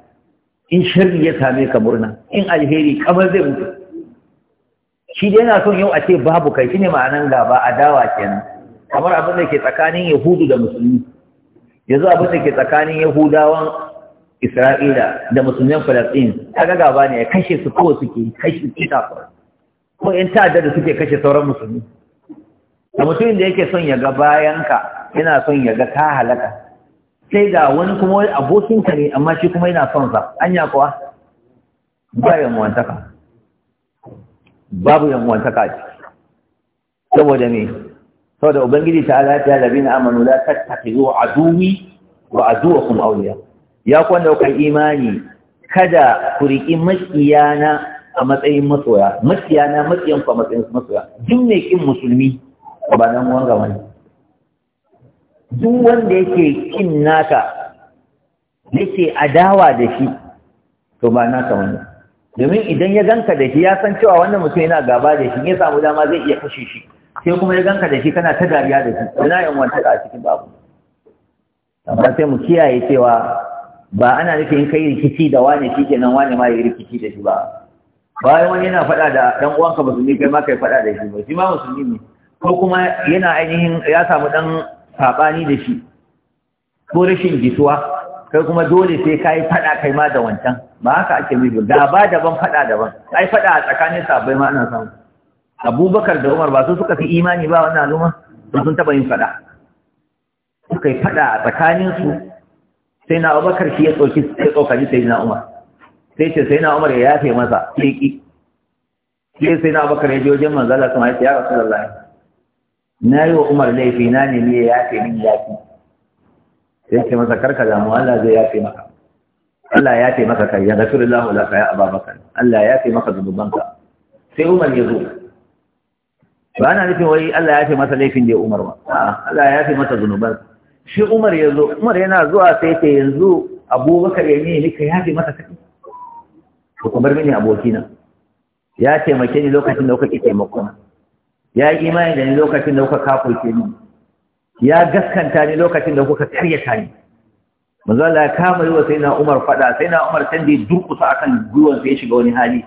in shirin ya same ka murna in alheri kamar zai mutu shi dai yana son yau a ce babu kai shine ma'anan gaba adawa kenan kamar abin da ke tsakanin yahudu da musulmi yanzu abin da ke tsakanin yahudawan Isra'ila da musulman Falasɗin ta ga gaba ne ya kashe su kowa suke kashe kita ko ‘yan ta'adda da suke kashe sauran musulmi. Da mutumin da yake son ya ga bayanka yana son ya ga ka halaka, sai ga wani kuma abokin abokinka ne amma shi kuma yana son sa anya kuwa ba wantaka babu yamuwantaka ce saboda me saboda ubangiji ta ala ta labina amanu la tattakhidhu aduwi wa aduwakum awliya ya kwanda ku imani kada ku riki makiyana a matsayin masoya makiyana makiyan ku a matsayin masoya duk ne kin musulmi ba nan wanga wani duk wanda yake kin naka yake adawa da shi to ba naka wani domin idan ya ganka da shi ya san cewa wannan mutum yana gaba da shi ya samu dama zai iya kashe shi sai kuma ya ganka da shi kana ta dariya da shi ina yin wanta a cikin babu amma sai mu kiyaye cewa ba ana nufin in kai rikici da wane shi kenan wane ma ya rikici da shi ba bayan wani yana faɗa da ɗan uwanka musulmi kai ma kai faɗa da shi ba shi ma musulmi ne ko kuma yana ainihin ya samu ɗan saɓani da shi ko rashin jituwa kai kuma dole sai ka yi faɗa kai ma da wancan ba haka ake nufi ba daban faɗa daban ai faɗa a tsakanin sabai ma ana samu abubakar da umar ba su suka fi imani ba wannan al'umma ba sun taɓa yin faɗa suka yi faɗa a su sai na abubakar shi ya tsokaci sai na umar sai ce sai na umar ya yafe masa sai ki sai sai na abubakar ya je wajen manzala sama ya ce ya rasu lallahi na yi wa umar laifi na ne ya yafe min yafi sai ce masa karka damu Allah zai yafe maka Allah ya yafe maka kai ya kaya a ya maka Allah ya yafe maka zunubanka sai umar ya zo ba na nufin wai Allah ya fi masa laifin da Umar ba Allah ya fi masa zunuban shi Umar ya zo Umar yana zuwa sai ta yanzu abubakar ya ne nika ya fi masa kai ko kuma bar mini abokina ya taimake ni lokacin da kuka ki taimako na ya yi imani da ni lokacin da kuka kafo ke ni ya gaskanta ni lokacin da kuka ta ni manzo Allah ya kama yi wa sai na Umar fada sai na Umar can da durkusa akan gwiwan sai ya shiga wani hali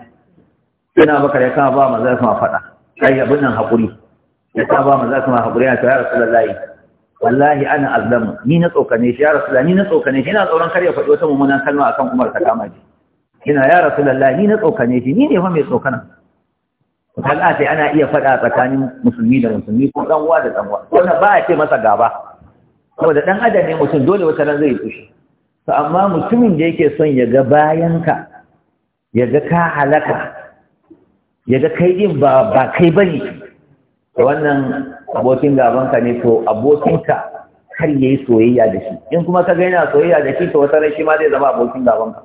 sai na Bakar ya kama ba manzo Allah sama fada kai abin nan hakuri ya kama ba manzo Allah sama hakuri ya tsaya Rasulullahi wallahi ana azlamu ni na tsokane shi ya Rasulullahi ni na tsokane shi ina tsoron kar ya faɗi wata mummunan kalma akan Umar ta kama shi ina ya Rasulullahi ni na tsokane shi ni ne fa mai tsokana hal'a ce ana iya faɗa tsakanin musulmi da musulmi ko ɗan uwa da ɗan uwa wannan ba a ce masa gaba Da ɗan adam ne mutum dole wata ran zai fushi to amma mutumin da yake son ya ga bayanka ya ga ka halaka ya ga kai din ba ba kai bane wannan abokin gaban ka ne to abokinka kar ya yi soyayya da shi in kuma ka ga yana soyayya da shi to wata ran shi ma zai zama abokin gaban ka,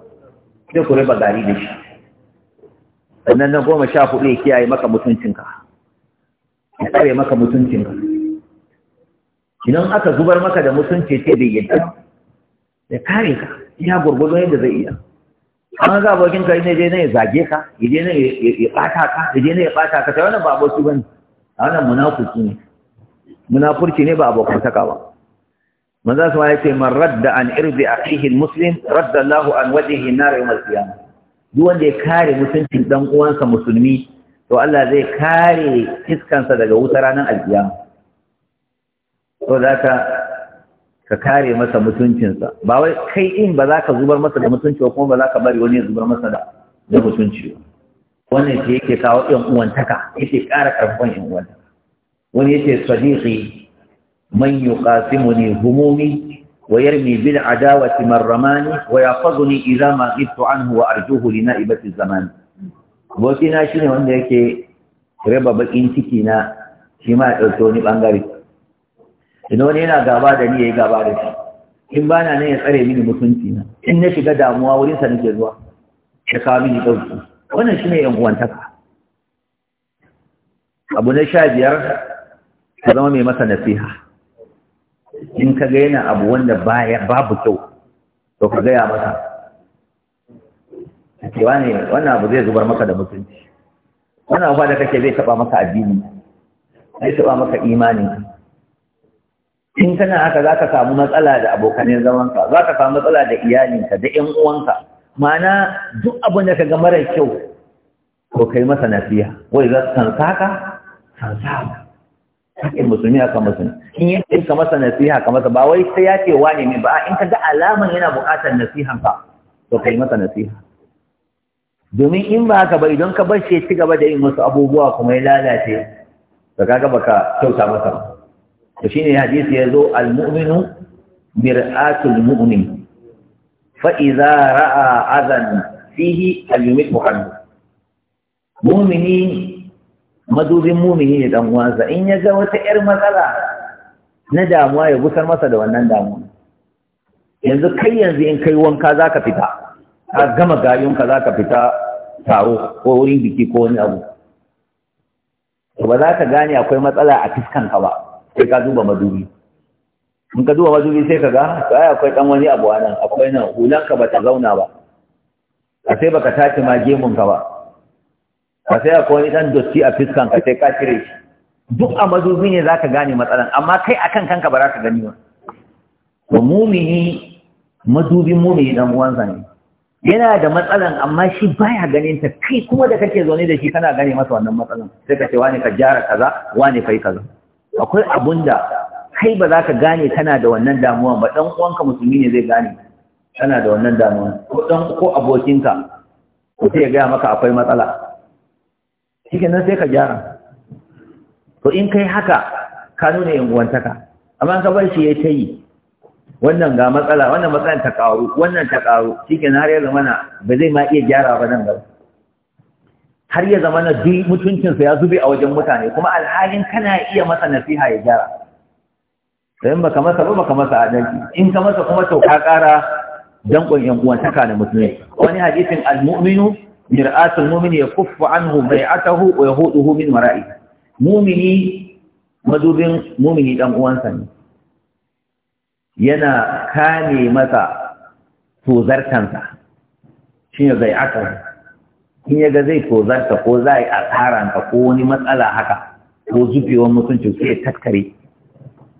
sai ku ba gari da shi sannan na goma sha hudu ya kiyaye maka mutuncinka ya tsare maka mutuncinka idan aka zubar maka da mutunci ce bai yadda ya kare ka ya gurgudu yadda zai iya an ga abokin ka ne je ne zage ka ya je ne ya bata ka ya je ne ya bata ka sai wannan ba aboki bane a wannan munafiki ne munafurci ne ba abokan saka ba manzo sai ya ce man radda an irdi akhihi almuslim radda Allahu an wajhihi nar yawm alqiyamah duk wanda ya kare mutuncin dan uwansa musulmi to Allah zai kare iskansa daga wuta ranar alkiyama to zaka ka kare masa mutuncinsa ba wai kai in ba zaka zubar masa da mutunci ba kuma ba bari wani ya zubar masa da da mutunci ba wannan ce yake kawo ‘yan uwantaka yake ƙara karfin ‘yan uwantaka wani yake sadiqi man yuqasimuni ne humumi ويرمي بالعداوة من رماني ويحفظني إذا ما غبت عنه وأرجوه لنائبة الزمان بوتنا شنو عندك ربا بقين تكينا شما يقولوني بانغاري إنه نينا غابا دني غابا دني in ba na nan ya tsare mini mutunci na in na shiga damuwa wurinsa nake zuwa ya kawo mini ɗauki wannan shi yan uwantaka abu na sha biyar ka zama mai masa nasiha in ka ga yana abu wanda baya babu kyau to ka gaya masa cewa ne wannan abu zai zubar maka da mutunci wannan abu da kake zai taba maka addini zai taba maka imanin in kana haka za ka samu matsala da abokanin zamanka za ka samu matsala da iyalinka da ƴan uwanka ma'ana duk abin da ka ga mara kyau to kai masa nasiya wai za su san saka san saka haƙƙin musulmi aka musulmi in ya ce ka masa nasiha ka masa ba wai sai ya ce wa ne ba in ka ga alaman yana buƙatar nasiha ka to ka yi masa nasiha domin in ba haka ba idan ka bar shi ya ci gaba da yin wasu abubuwa kuma ya lalace to kaga ka kyauta masa to ne hadisi ya zo almuminu mir'atul mu'min fa iza ra'a azan fihi al muhammad mu'mini madubin mumini ne dan uwansa in ya ga wata ƴar matsala na damuwa ya gusar masa da wannan damuwa yanzu kai yanzu in kai wanka zaka fita ka gama gayunka zaka fita taro ko wurin biki ko wani abu To ba za ka gane akwai matsala a ka ba sai ka duba madubi in ka duba madubi sai ka ga to ai akwai dan wani abu a nan akwai nan hulanka ba ta zauna ba a sai baka tace ma gemunka ba ka sai akwai wani ɗan dotti a fiskan ka sai ka cire shi duk a mazubi ne ka gane matsalan amma kai a kan kanka ba za ka gani ba to mumini madubin mumini dan uwansa ne yana da matsalan amma shi baya ganin ta kai kuma da kake zaune da shi kana gane masa wannan matsalan sai ka ce wani ka jara kaza wani kai kaza akwai abun da kai ba za ka gane kana da wannan damuwa ba dan uwanka musulmi ne zai gane kana da wannan damuwa ko ko abokinka ko sai ya gaya maka akwai matsala shi nan sai ka gyara to in kai haka ka nuna yin uwantaka amma ka bar shi ya ta yi wannan ga matsala wannan matsalan ta karu wannan ta karu har ya zama ba zai ma iya gyara ba nan ba har ya zama na duk mutuncinsa ya zube a wajen mutane kuma alhalin kana iya masa nasiha ya gyara sai baka masa ba baka masa adalci in ka masa kuma to ka kara dankon yan uwan taka wani hadisin almu'minu mir'atul mu'min yakuffu anhu bai'atahu wa yahuduhu min wara'i mu'mini madubin mu'mini dan uwansa ne yana kame masa tozartansa shi ne bai'atahu in ga zai tozarta ko za a yi asaranta ko wani matsala haka ko zubewar mutuncin sai ya tattare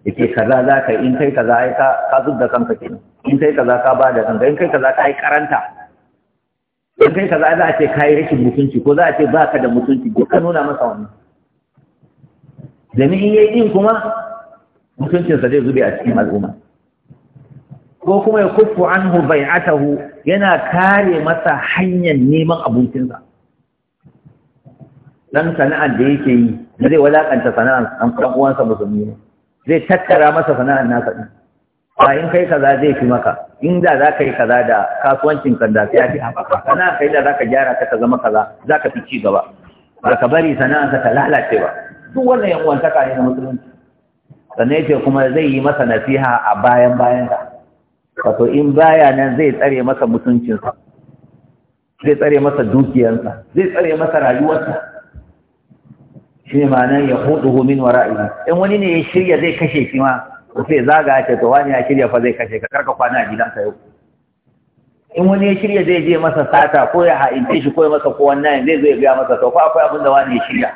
yake kaza za ka in kai kaza ai ka zub da kanka kenan in kai kaza ka ba da kanka in kai kaza ka yi karanta don kai kaza za a ce kayi rashin mutunci ko za a ce ba ka da mutunci ko ka nuna masa wannan domin in yi din kuma mutuncinsa zai zube a cikin al'umma ko kuma ya kufu anhu atahu yana kare masa hanyar neman abincinsa dan sana'ar da yake yi zai walakanta sana'ar an uwansa musulmi ne zai tattara masa sana'ar nasa din ba in kai kaza zai fi maka in da za ka yi kaza da kasuwancin kanda da ya fi haɓaka sana'a kai da za ka gyara ta ka zama kaza za ka fi cigaba. ba ka bari sana'a ka ta lalace ba duk wannan yan uwantaka ne na musulunci sannan ce kuma zai yi masa nasiha a bayan bayan ka wato in baya nan zai tsare masa mutuncinsa zai tsare masa dukiyarsa zai tsare masa rayuwarsa shi ne ma'anar ya hudu min wara'ihi in wani ne ya shirya zai kashe shi ma ko sai zaga ya ce to wani ya shirya fa zai kashe ka karka kwana a gidanka yau in wani ya shirya zai je masa sata ko ya ha'ince shi ko ya masa ko wannan zai zo ya biya masa to fa akwai abin da wani ya shirya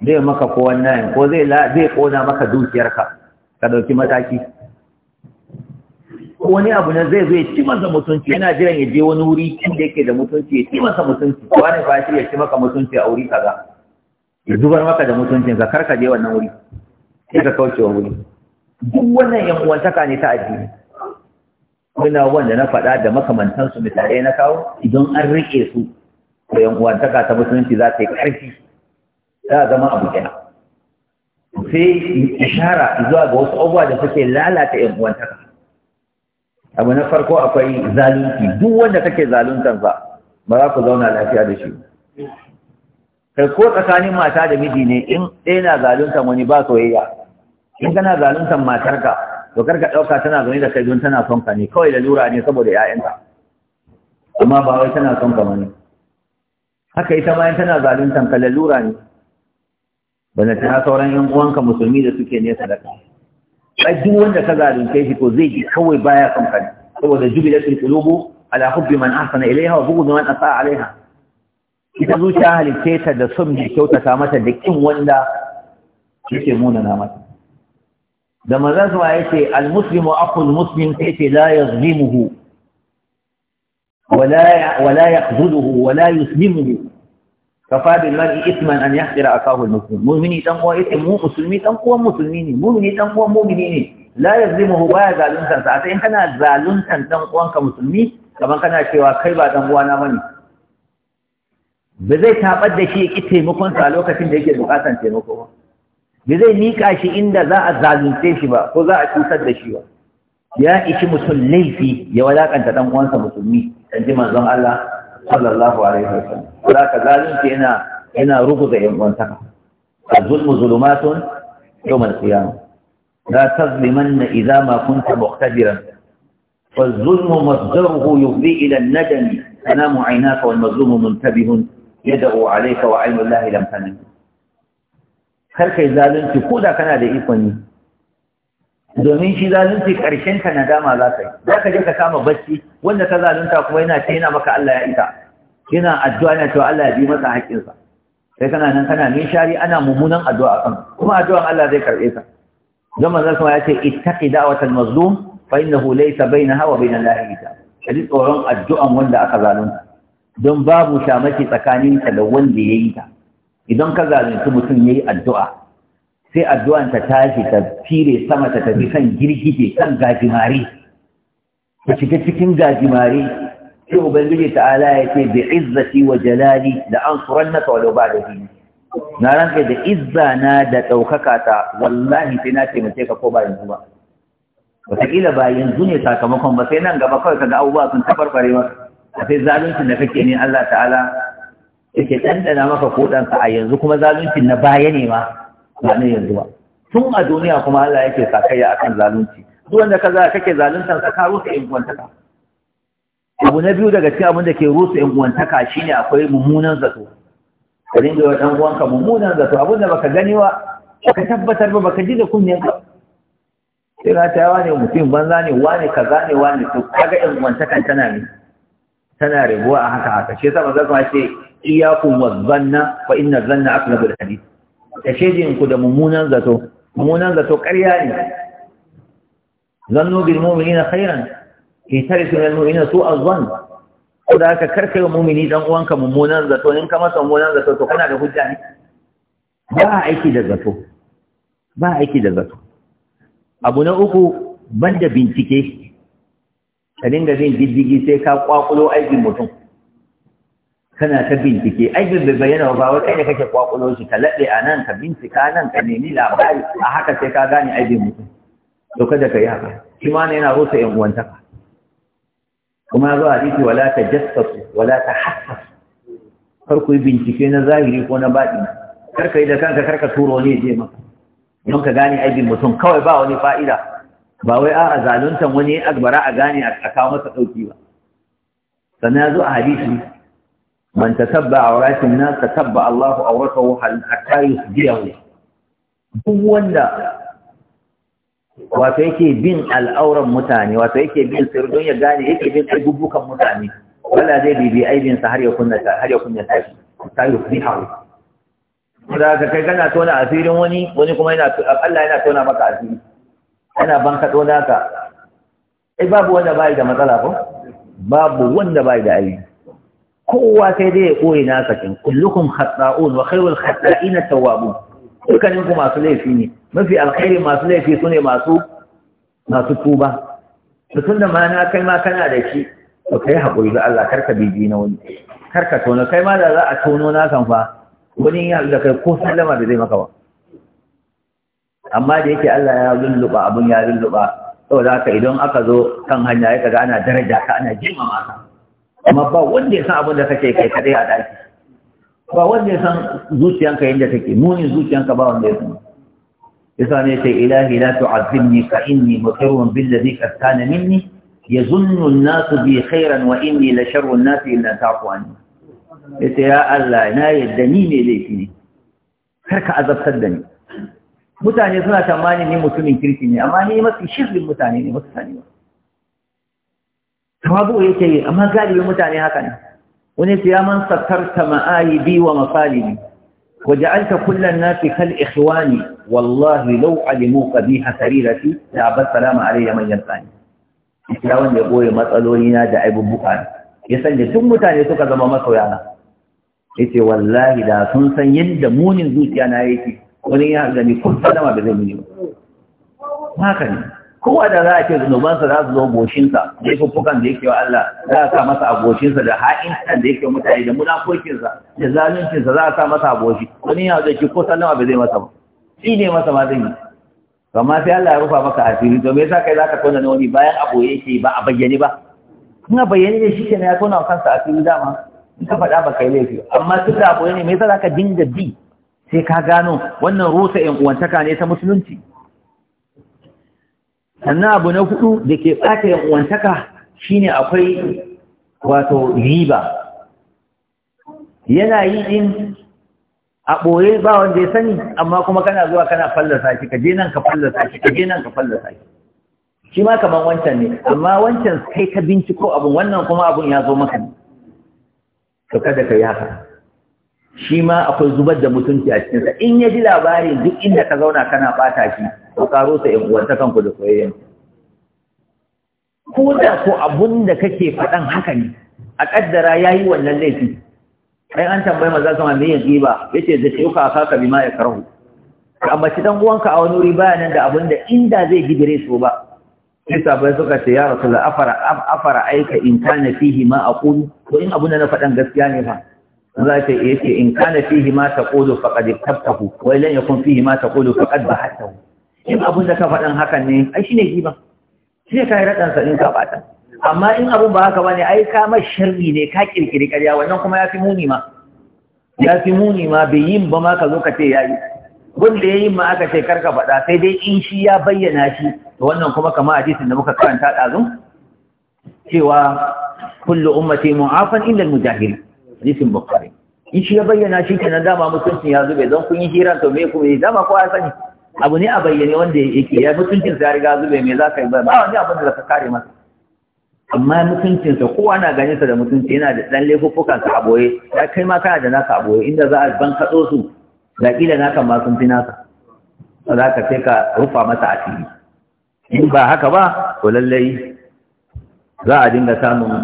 zai maka ko wannan ko zai zai kona maka dukiyarka ka dauki mataki ko wani abu na zai zo ya ci masa mutunci yana jiran ya je wani wuri inda yake da mutunci ya ci masa mutunci wani ba ya shirya ci maka mutunci a wuri kaza ya zubar maka da mutuncinka kar ka je wannan wuri sai ka kauce wa wuri duk wannan yan uwantaka ne ta addini muna wanda na faɗa da makamantansu misalai na kawo idan an riƙe su da yan uwantaka ta musulunci za ta yi ƙarfi za a zama abu kina sai ishara zuwa ga wasu abubuwa da suke lalata yan uwantaka abu na farko akwai zalunci duk wanda kake zaluntan ba ba za ku zauna lafiya da shi kai ko tsakanin mata da miji ne in ɗaya na zaluntar wani ba soyayya in kana zaluntar matarka to karka ɗauka tana zaune da kai don tana son ka ne kawai da lura ne saboda ‘ya'yanta amma ba wai tana son ka bane haka ita ma tana zaluntar ka lura ne bana ta sauran ‘yan uwanka musulmi da suke ne sadaka. ka ai duk wanda ka zalunce shi ko zai ji kawai baya son ka ne saboda jubilatul qulubu ala hubbi man ahsana ilayha wa bughd man asaa alaiha ita zuciya halitta da son mai kyautata mata da kin wanda yake na mata da manzon sa ce al-muslimu aqul muslim sai ce la yazlimuhu ولا ولا يخذله mari يسلمه an بالمرء اثما ان muslim اخاه المسلم مؤمن دان mu اثم dan مسلمي دان ne مسلمي مؤمن دان mumini ne la ya zai mahu baya zaluntar sa sai kana zaluntar dan uwanka musulmi kamar kana cewa kai ba dan uwana bane ba zai tabar da shi ya ƙi taimakonsa sa a lokacin da yake bukatar taimako ba bai zai mika shi inda za a zalunce shi ba ko za a cutar da shi ba ya ishi mutum laifi ya wadakanta dan uwansa musulmi dan ji manzon Allah sallallahu alaihi wasallam za ka zalunci yana yana ruguza yan uwansa الظلم ظلمات يوم القيامة لا تظلمن إذا ما كنت مقتدرا والظلم مصدره يفضي إلى الندم تنام عيناك والمظلوم منتبه يدعو عليك وعين الله لم تنم kar kai zalunci ko da kana da ikon yi domin shi zalunci ƙarshenka na dama za ka yi za ka je ka kama bacci wanda ka zalunta kuma yana ce yana maka Allah ya ita yana addu'a yana cewa Allah ya bi masa haƙƙinsa sai kana nan kana min shari ana mummunan addu'a kan kuma addu'an Allah zai karɓe ka don manzon sama ya ce ittaqi da'watal mazlum fa innahu laysa bainaha wa bainal lahi hijab kadi tsoron addu'an wanda aka zalunta don babu shamaki tsakaninka da wanda ya yi ta idan ka zalunci mutum ya yi addu'a sai addu'an ta tashi ta fire sama ta tafi kan girgije kan gajimare ta shiga cikin gajimare sai ubangiji ta'ala ya ce bi izzati wa jalali da an surannaka walau ba da dini na ranke da izza na da ɗaukaka ta wallahi sai na taimake ka ko ba yanzu ba wataƙila ba yanzu ne sakamakon ba sai nan gaba kawai ga abubuwa sun tabarbare ba. sai zalunci da kake ne Allah ta'ala yake ɗanɗana maka kuɗansa a yanzu kuma zalunci na baya ne ma ba na yanzu ba tun a duniya kuma Allah yake sakayya akan zalunci duk wanda ka zaka kake zaluntar ka rusa ƴan uwantaka abu na biyu daga cikin abin da ke rusa ƴan uwantaka shine akwai mummunan zato ka dinga wa ɗan uwanka mummunan zato abin da baka gani ba ka tabbatar ba baka ji da kunne ka sai na ta wane mutum banza ne wane kaza ne wane to kaga ƴan uwantakan tana ne tana rabuwa a haka haka shi yasa manzo kuma ce iyakun wa zanna fa inna zanna aqlabu alhadith ta in ku da mummunan zato mummunan zato ƙarya ne zannu bil mu'minina khairan hitarisu lil mu'minina su'a zann ko da aka karkai wa mu'mini dan uwanka mummunan zato in ka masa mummunan zato to kana da hujja ne ba aiki da zato ba aiki da zato abu na uku banda bincike ka dinga bin diddigi sai ka kwakulo aikin mutum kana ta bincike ai da bayyana ba wai kai ne kake kwakulo shi ka laɗe a nan ka bincika nan ka nemi labari a haka sai ka gane aibin mutum to kada ka yi haka shi ma ne yana rusa yan uwantaka kuma ya zo hadisi wala ta jassasu wala ta hassasu kar ku yi bincike na zahiri ko na baɗi kar ka yi da kanka kar ka turo ne je maka don ka gane aibin mutum kawai ba wani fa'ida ba wai a zaluntan wani akbara a gane a kawo masa ɗauki ba sannan ya zo a hadisi man tatabba awratin nas tatabba Allahu awratahu hatta yusbihu duk wanda wato yake bin al'auran mutane wato yake bin sirdon ya gane yake bin aibubukan mutane wala zai bibi aibinsa har ya kunna ta har ta yi ka kai tona asirin wani wani kuma yana Allah yana tona maka asiri yana banka tona ka babu wanda bai da matsala ko babu wanda bai da aiki. kowa sai dai ya koyi naka kin kullukum khata'un wa khayrul khata'ina tawwabun dukkanin ku masu laifi ne mafi alkhairi masu laifi sune masu masu tuba to tunda ma na kai ma kana da shi to kai hakuri ga Allah karka bibi na wani karka tono kai ma da za a tono na kan fa wani ya da kai ko sallama da zai maka ba amma da yake Allah ya lulluba abun ya lulluba saboda haka idan aka zo kan hanya ya kaga ana daraja ka ana girmama ma amma ba wanda ya san abin da kake kai kadai a daki ba wanda ya san zuciyanka yadda take muni zuciyanka ba wanda ya san yasa ne sai ilahi la tu'azzimni fa inni mutirun bil ladhi kana minni yazunnu an-nasu bi khairan wa inni la sharru an-nasi illa ta'fu anni yace ya Allah na yadda ni ne laifi ne kar ka azabtar da ni mutane suna tamani ni mutumin kirki ne amma ni mafi shirin mutane ne mutane ne tawazu yake yi amma galibin mutane haka ne wani su ya man sattarta ma'ayibi wa masalibi wa ja'alta kullan nasi kal ikhwani wallahi lau alimu qabiha sarirati la abar salama alayya man yansani ya wanda ya goye matsaloli na da aibubbuka ne ya sanya duk mutane suka zama masoyana yace wallahi da sun san yadda munin zuciya na yake wani ya gani kun sanama da zai yi ba haka ne kowa da za a ce zunubansa za su zo goshinsa da yake fukan da yake wa Allah za a sa masa a goshinsa da ha'in da yake mutane da munafokinsa da zaluncinsa za a sa masa a goshi wani yana da ke ko sallama ba zai masa ba shi ne masa ma zai yi amma sai Allah ya rufa maka asiri to me yasa kai za ka tona na wani bayan abu yake ba a bayyane ba a bayyane ne shi ke ya tona kansa asiri dama in ka faɗa ba kai laifi amma tun da abu ne me yasa ka dinga bi sai ka gano wannan rusa yan uwantaka ne ta musulunci sannan abu na hudu da ke ɓata shi ne akwai wato riba yana yi in a ɓoye ba wanda ya sani amma kuma kana zuwa kana fallasa shi ka je nan ka fallasa shi ka je nan ka fallasa shi shi ma kaman wancan ne amma wancan kai ka binciko abin wannan kuma abun ya zo maka ne to kada ka yi haka shi ma akwai zubar da mutunci a cikinsa in ya ji labarin duk inda ka zauna kana ɓata shi ko karo sa in uwanta kanku da soyayyen ko da ko abun da kake faɗan haka ne a ƙaddara ya yi wannan laifi ai an tambayi maza sama me yin riba ce zai shi a kaka bi ma ya karahu amma mace dan uwanka a wani wuri baya nan da abun da inda zai gidire su ba Isa bai suka ce ya rasu da afara aika in kana fihi ma a Kulu. ko in abun da na faɗan gaskiya ne ba. Za ka iya ce in kana fihi ma ta ƙulu faƙad tabtahu, wai lan fihi ma ta ƙulu faƙad ba hattahu. in abin da ka faɗin hakan ne ai shi ne shi ne ka yi raɗansa ɗin ka ɓata amma in abin ba haka ba ne ai ka mai sharri ne ka ƙirƙiri ƙarya wannan kuma ya fi muni ma ya fi muni ma bai yin ba ma ka zo ka ce ya yi wanda ya yi ma aka ce karka faɗa sai dai in shi ya bayyana shi to wannan kuma kamar hadisin da muka karanta ɗazun cewa kullu ummati mu'afan illa al-mujahil hadisin bukhari in shi ya bayyana shi kenan dama mutuncin ya zube don kun yi hiran to me kuma dama ko ya sani abu ne a bayyane wanda yake ya mutuncin sa ya riga zube me za ka yi ba ba wani abin da ka kare masa amma mutuncin sa kowa na ganin sa da mutunci yana da dan laifuffukan sa a ya kai ma kana da naka a inda za a ban kaso su da kila naka ma sun fi naka ba za ka sai ka rufa masa a fili in ba haka ba to lallai za a dinga samun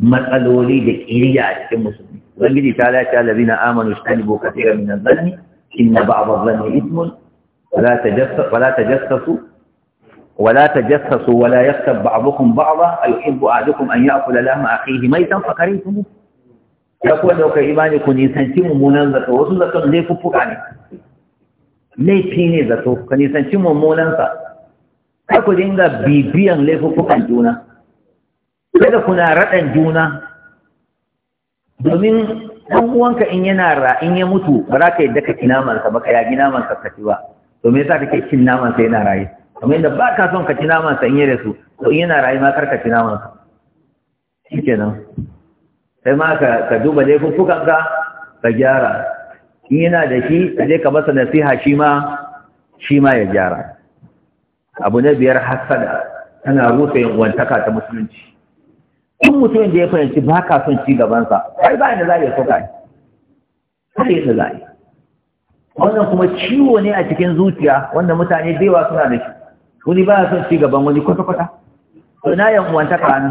matsaloli da kiriya a cikin musulmi ubangiji ta lafiya labina amanu shi kan boka tsira min zanni inna babban zanni ismun wala tajassasu wala tajassasu wala yaktab ba'dukum ba'dha ayuhibbu ahadukum an ya'kula lahma akhihi maytan fakaritumu ya kuwa da kai imani ku nisanci mummunan zato wasu zato ne fuffuka ne laifi ne zato ka nisanci mummunansa kar ku dinga bibiyan laifuffukan juna kada kuna raɗan juna domin ɗan uwanka in yana ra in ya mutu ba za ka yadda ka kinamansa ba ka yagi namansa ka ci ba to me yasa kake cin naman sa yana raye kamar yadda ba ka son ka ci naman sa in yi rasu to in yana raye ma kar ka ci naman sa shikenan sai ma ka ka duba dai kukan ka ka gyara in yana da shi ka je ka masa nasiha shi ma shi ma ya gyara abu na biyar hasada tana rufe wantaka ta musulunci in mutum da ya fahimci ba ka son ci gabansa ai ba da za a yi so ka yi da za a yi wannan kuma ciwo ne a cikin zuciya wanda mutane da yawa suna da shi wani ba son ci gaban wani kwata-kwata to na yan uwanta kanu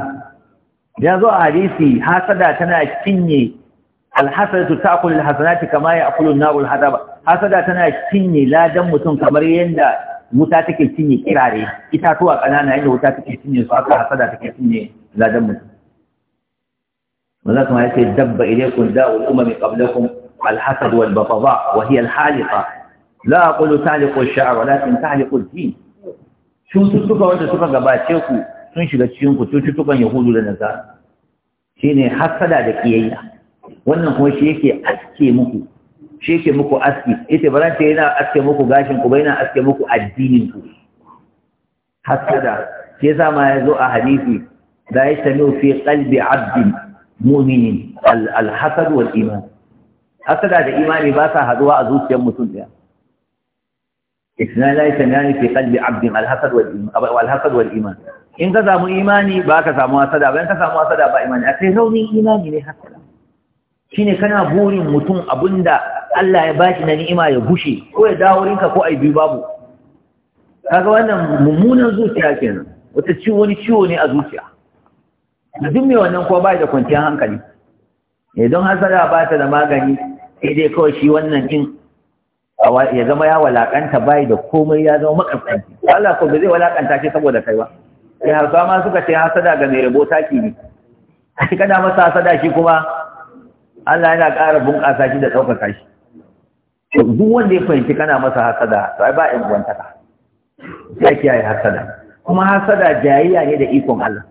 ya zo a hadisi hasada tana cinye alhasadatu ta'kul alhasanati kama ya'kulu an-naru alhadaba hasada tana cinye ladan mutum kamar yanda wuta take cinye kirare itatuwa kanana yanda wuta take cinye su aka hasada take cinye ladan mutum wannan kuma yace dabba ilaykum al umami qablakum الحسد والبغضاء وهي الحالقة لا أقول تعلق الشعر ولكن تعلق الدين cututtuka wanda suka gabace ku sun shiga cikin ku cututtukan yahudu da nasara shine hasada da kiyayya wannan kuma shi yake aske muku shi yake muku aski ita ba ce yana aske muku gashin ku ba yana aske muku addinin ku hasada ke ma ya zo a hadisi da ya sami fi qalbi abdin mu'minin al-hasad wal iman hasada da imani ba sa haduwa a zuciyar mutum daya isna la ne ke kalbi abdin alhasad wal iman iman in ka samu imani ba ka samu hasada ba in ka samu hasada ba imani a sai rauni imani ne hasada ne kana burin mutum abinda Allah ya bashi na ni'ima ya gushe ko ya dawo rinka ko ai biyu babu kaga wannan mummunan zuciya kenan wata ciwo wani ciwo ne a zuciya duk mai wannan ko ba da kwanciyar hankali idan eh, hasada ba ta da magani sai dai kawai shi wannan din ya zama ya walakanta bai da komai ya zama makaskanci Allah ko ba zai walakanta shi saboda kai ba sai har ma suka ce hasada ga mai rabo taki ne shi kana masa hasada shi kuma Allah yana ƙara bunƙasa shi da ɗaukaka shi duk wanda ya fahimci kana masa hasada to ai ba in wantaka sai kiyaye hasada kuma hasada jayayya ne da ikon Allah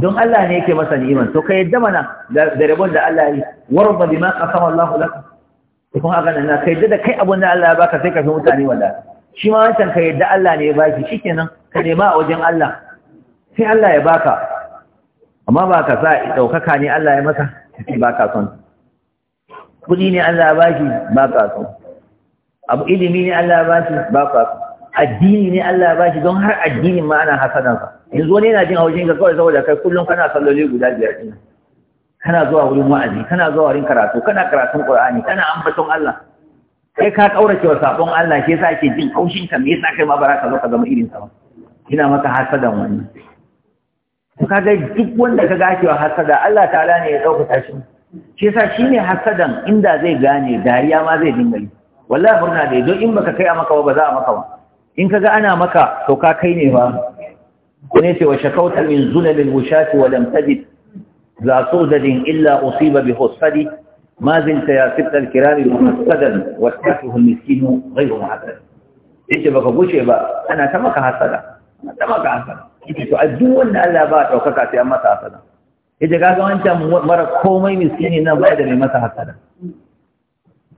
don Allah ne yake masa ni'iman to ka yadda mana da rabon da Allah yi warba bima qasama Allah laka. to kun haka nan ka yadda da kai abun da Allah ya baka sai ka fi mutane wallahi shi ma wancan ka yadda Allah ne ya baki shikenan ka nema a wajen Allah sai Allah ya baka amma ba ka sa daukaka ne Allah ya maka sai ka son kudi ne Allah ya baki baka son abu ilimi ne Allah ya baki baka son addini ne Allah ya baki don har addinin ma ana hasadansa yanzu wani yana jin haushin ka kawai saboda kai kullum kana salloli guda biyar ɗin kana zuwa wurin wa'azi kana zuwa wurin karatu kana karatun qur'ani kana ambaton Allah kai ka kaurace wa sabon Allah shi yasa ake jin haushin ka me yasa kai ma baraka zo ka zama irin sa ba ina maka hasadan wani to kaga duk wanda ka ga wa hasada Allah ta'ala ne ya dauka shi shi yasa shine hasadan inda zai gane dariya ma zai dinga yi wallahi murna dai don in baka kai a maka ba ba za a maka ba in kaga ana maka to ka kai ne ba wani ce wa shakauta min zulalil wushati wa lam tajid za sudadin illa usiba bi husadi ma zinta ya sibta al-kirami muhassadan wa tafuhu al-miskinu ghayru muhassad yace baka gushe ba ana ta maka hasada ta maka hasada yace to a wanda Allah ba daukaka sai an masa hasada yace kaga wancan mara komai miskini nan ba da mai masa hasada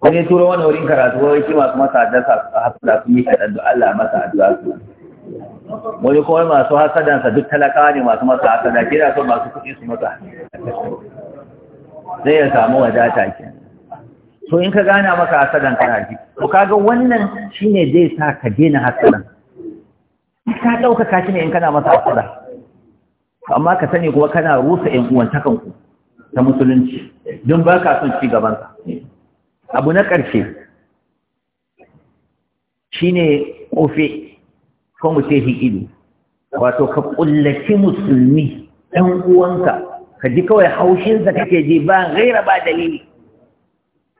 wani turo wani wurin karatu wai shi masu masa hasada sun yi kaɗan da Allah masa addu'a su wani kuma masu hasadansa duk talakawa ne masu masa hasada kira so masu kuɗi su masa zai ya samu wadata ke So in ka gana maka hasadan kana ji ka kaga wannan shine zai sa ka daina hasadan ka ɗaukaka shi ne in kana masa hasada amma ka sani kuma kana rusa ƴan ku ta musulunci don ba ka son ci gabansa abu na ƙarshe shine kofe ko mu ce ido wato ka kullaci musulmi ɗan uwanka ka ji kawai haushinsa kake ji ba gaira ba dalili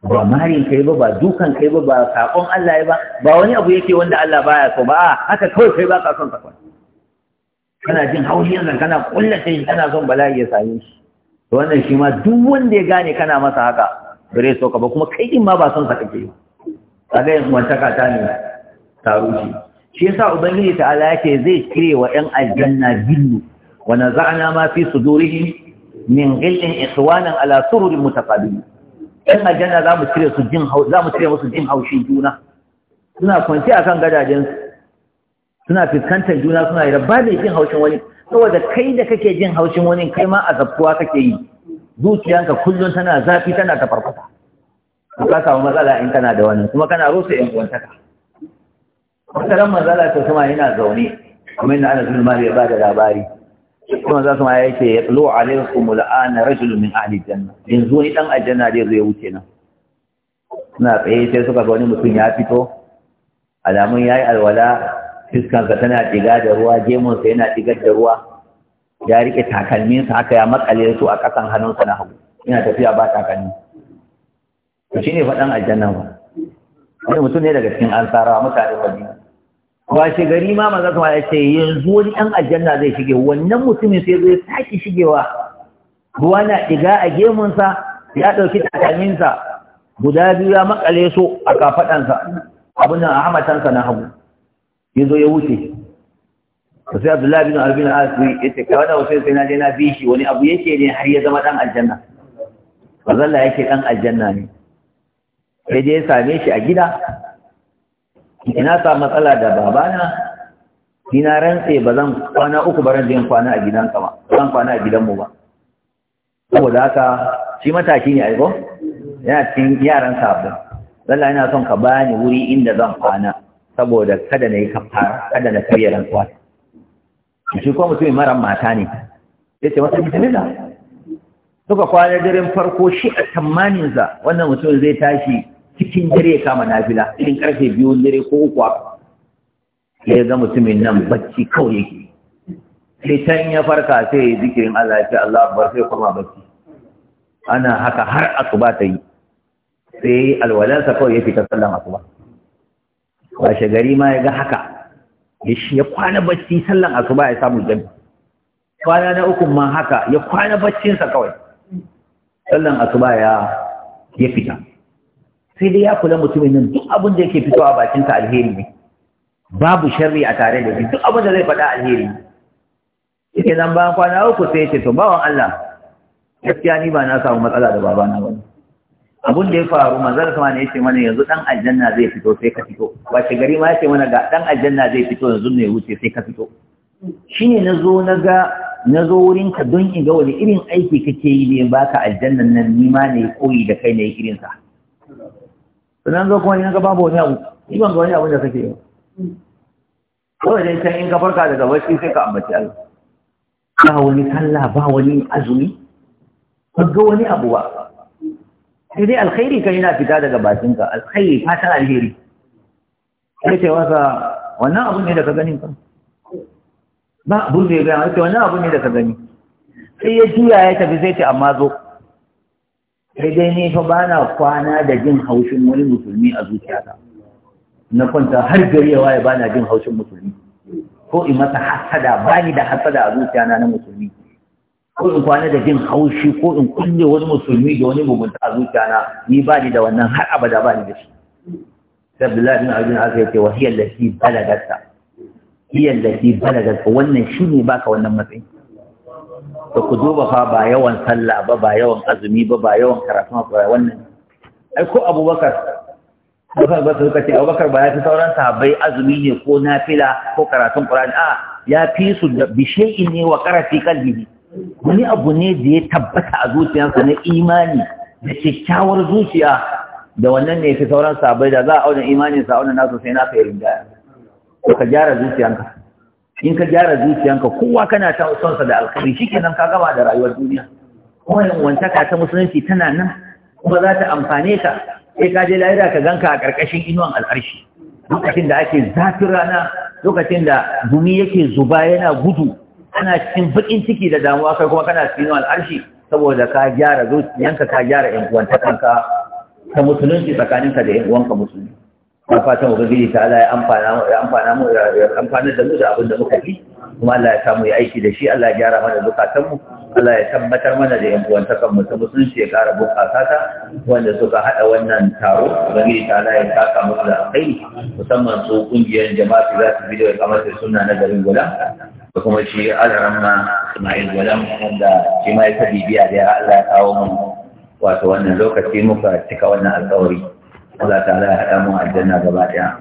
ba marin kai ba ba dukan kai ba ba sakon Allah ya ba ba wani abu yake wanda Allah baya so ba haka kawai kai ba ka son sakon kana jin haushinsa kana kullace shi kana son bala'i ya same shi To wannan shi ma duk wanda ya gane kana masa haka bare so ka ba kuma kai din ma ba son sa kake ba kaga yan wantaka ta ne tarushi shi yasa ubangiji ta'ala yake zai kire wa ɗan aljanna billu wa naza'na ma fi sudurihi min ghillin ikhwanan ala sururi mutaqabil ɗan aljanna za mu cire su jin za mu kire musu jin haushin juna suna kwanci akan gadajen suna fiskantar juna suna yi ba da jin haushin wani saboda kai da kake jin haushin wani kai ma azabtuwa kake yi zuciyanka kullum tana zafi tana tafarfata ka samu matsala in kana da wani, kuma kana rusa yan uwantaka wata ran manzala ta sama yana zaune kuma yana ana zuwa mali ya bada labari kuma za su ma ya ce ya tsalo alaikum al'ana rajulun min ahli janna yanzu wani dan aljanna zai zo ya wuce nan suna tsaye sai suka ga wani mutum ya fito alamun ya yi alwala fiskansa tana diga da ruwa gemunsa yana digar da ruwa ya rike takalminsa haka ya makale su a ƙasan hannunsa na hagu yana tafiya ba takalmi to ne faɗan aljanna ba wani mutum ne daga cikin ansarawa mutanen madina shi gari ma maza kuma ya ce yanzu wani ɗan aljanna zai shige wannan mutumin sai zai sake shigewa ruwa na ɗiga a gemunsa ya ɗauki takaninsa guda biyu ya makale su a kafaɗansa abin a hamatansa na hagu ya zo ya wuce sai abdullahi bin arbin al ya ce kawai da wasu sai na je na bi shi wani abu yake ne har ya zama ɗan aljanna zalla yake ɗan aljanna ne sai dai ya same shi a gida ina sa matsala da babana Ina rantse ba zan kwana uku ba rantse kwana a gidanka ba zan kwana a gidanmu ba saboda haka shi mataki ne aiko yana cikin yaran sabbin lalla ina son ka bani wuri inda zan kwana saboda kada na yi kafara kada na karya rantsuwa shi kuma mutumin mara mata ne ya ce masa da? suka kwana daren farko shi a tsammaninsa wannan mutumin zai tashi cikin dare ya kama nafila irin karfe biyu dare ko uku ya ga mutumin nan bacci kawai yake sai can ya farka sai ya zikirin Allah ya ce Allah bar sai kuma bacci ana haka har asuba ta yi sai alwalansa kawai ya fita sallan asuba washe gari ma ya ga haka ya kwana bacci sallan asuba ya samu jami kwana na uku ma haka ya kwana baccinsa kawai sallan asuba ya ya fita sai dai ya kula mutumin nan duk abin da yake fitowa bakinsa alheri ne babu sharri a tare da shi duk abin da zai faɗa alheri yake nan ba kwana uku sai ya ce to bawan Allah gaskiya ni ba na samu matsala da babana ba abun da ya faru manzon sama ne yace mana yanzu dan aljanna zai fito sai ka fito wace gari ma yace mana ga dan aljanna zai fito yanzu ne wuce sai ka fito shine ga na nazo wurin ka don in ga wani irin aiki kake yi ne baka aljannan nan ni ma ne koyi da kai ne irin sa sannan zo kuma in ka babu wani abu ni ban ga wani abu da kake yi kawai dai can in ka farka daga bacci sai ka ambaci Allah ba wani sallah ba wani azumi ba ga wani abu ba sai dai alkhairi kai yana fita daga bakinka alkhairi fatan alheri sai ce wasa wannan abu ne da ka gani kan ba abun da ya gani wannan abu ne da ka gani sai ya juya ya tafi zai ce amma zo sai dai ni fa bana kwana da jin haushin wani musulmi a zuciyata na kwanta har gari ya waye bana jin haushin musulmi ko in masa hasada ni da hasada a zuciyana na musulmi ko in kwana da jin haushi ko in kunne wani musulmi da wani mugunta a zuciyana ni ba ni da wannan har abada ba ni da shi Abdullahi bin Abdul Aziz yace wa hiya allati balagatka hiya allati balagatka wannan shine baka wannan matsayin. da ku duba fa ba yawan sallah ba ba yawan azumi ba ba yawan karatu ba wannan ai ko abubakar abubakar ba suka ce abubakar ba ya fi sauran sahabbai azumi ne ko nafila ko karatun qur'ani a ya fi su da bishai ne wa qarafi qalbihi wani abu ne da ya tabbata a zuciyarsa na imani da kyakkyawar zuciya da wannan ne fi sauran sahabbai da za a auna imanin sa auna nasu sai na kai rinjaya to ka gyara zuciyanka in ka gyara zuciyanka kowa kana ta sonsa da alkhairi shikenan ka gama da rayuwar duniya kuma yin wantaka ta musulunci tana nan kuma za ta amfane ka sai ka je lahira ka ganka a ƙarƙashin inuwan al'arshi lokacin da ake zafin rana lokacin da gumi yake zuba yana gudu kana cikin baƙin ciki da damuwa kai kuma kana cikin al'arshi saboda ka gyara zuciyanka ka gyara yan uwantakanka ta musulunci tsakaninka da yan uwanka musulunci na fatan ubangiji ta Allah ya amfana mu ya amfana da mu da abin da muka yi kuma Allah ya samu ya aiki da shi Allah ya gyara mana bukatun mu Allah ya tabbatar mana da yan uwan takan mu ta musulunci ya kara bukata wanda suka hada wannan taro ubangiji ta Allah ya saka musu da kai, musamman su kungiyar jama'a za su bidiyo kamar sunna na garin Gola da kuma shi alaramma Ismail Gola wanda shi ma ya bibiya da Allah ya kawo mu wato wannan lokaci muka cika wannan alƙawari. الله تعالى أعلموا أجلنا جبائع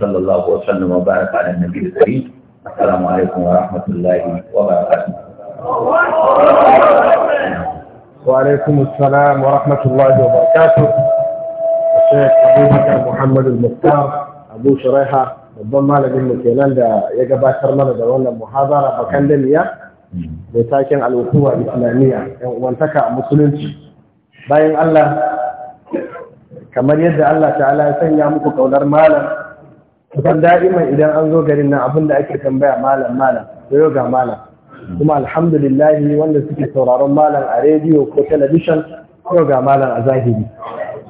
صلى الله وسلم وبارك على النبي الكريم السلام عليكم ورحمة الله وبركاته وعليكم السلام ورحمة الله وبركاته الشيخ أبو بكر محمد المختار أبو شريحة ربما لك من كيلان يجب أكثر من دولة محاضرة بكندمية لتاكين الوقوة الإسلامية وانتكى مسلمتي باين الله kamar yadda Allah ta'ala ya sanya muku kaunar malam kusan da'iman idan an zo garin nan abin da ake tambaya malam malam to yau ga malam kuma alhamdulillah wanda suke sauraron malam a rediyo ko talabishin yau ga malam a zahiri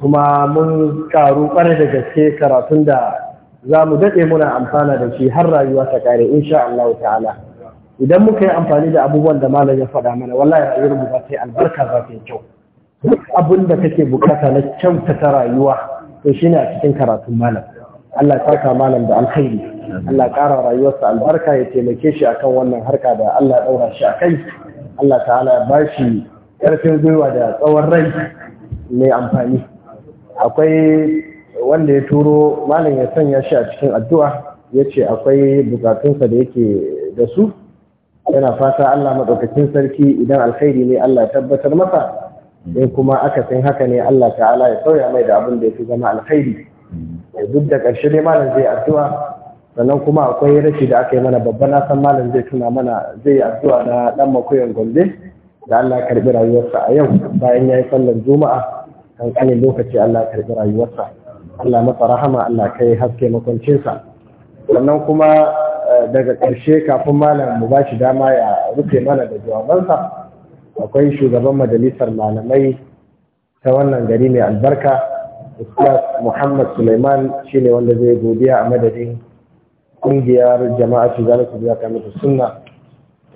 kuma mun karu kwarai da gaske karatun da za mu daɗe muna amfana da shi har rayuwa ta kare insha Allah ta'ala idan muka yi amfani da abubuwan da malam ya faɗa mana wallahi rayuwar mu ba ta albarka ba ta kyau duk abin da kake bukata na kyautata rayuwa to shi ne a cikin karatun malam Allah ya saka malam da alkhairi Allah ƙara rayuwarsa albarka ya taimake shi akan wannan harka da Allah ɗaura shi a kai. Allah ta'ala ya shi ƙarfin gwiwa da tsawon rai mai amfani akwai wanda ya turo malam ya sanya shi a cikin addu'a ya ce akwai bukatunsa da yake da su yana fata Allah maɗaukakin sarki idan alkhairi ne Allah ya tabbatar masa in kuma aka san haka ne Allah ta'ala ya sauya mai da abin da ya fi zama alkhairi duk da ƙarshe ne malam zai addu'a sannan kuma akwai rashi da aka yi mana babban na san malam zai tuna mana zai addu'a na dan makoyan gombe da Allah ya karbi rayuwarsa a yau bayan ya yi sallar juma'a kankanin lokaci Allah ya karbi rayuwarsa Allah masa rahama Allah kai haske makwancinsa sannan kuma eh, daga ƙarshe kafin malam mu ba shi dama ya rufe mana da jawabansa akwai shugaban majalisar malamai ta wannan gari mai albarka ustaz muhammad suleiman shine wanda zai godiya a madadin kungiyar jama'a su zane su biya kamata sunna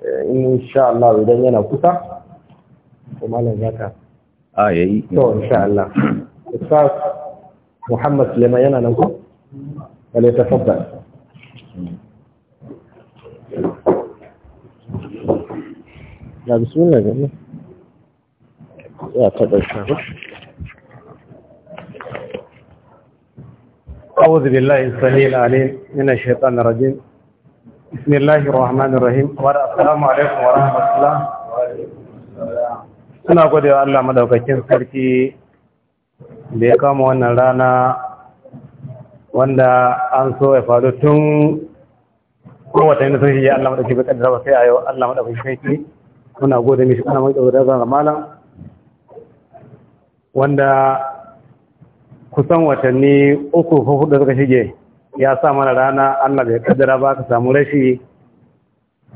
eh, sha Allah idan yana kusa ko malam zaka a yayi to sha Allah ustaz muhammad suleiman yana nan ko wale tafaddal ga bismillah da ne ya ta ɗauka ba أعوذ بالله السميع العليم من الشيطان الرجيم بسم الله الرحمن الرحيم السلام عليكم ورحمة الله suna gode wa Allah madaukakin sarki da ya kama wannan rana wanda an so ya faru tun kowatanni sun shi Allah madaukakin sarki sai a yau Allah madaukakin sarki muna gode mishi ana mai tsawo da malam wanda kusan watanni uku ko hudu suka shige ya sa mana rana Allah bai kaddara ba ka samu rashi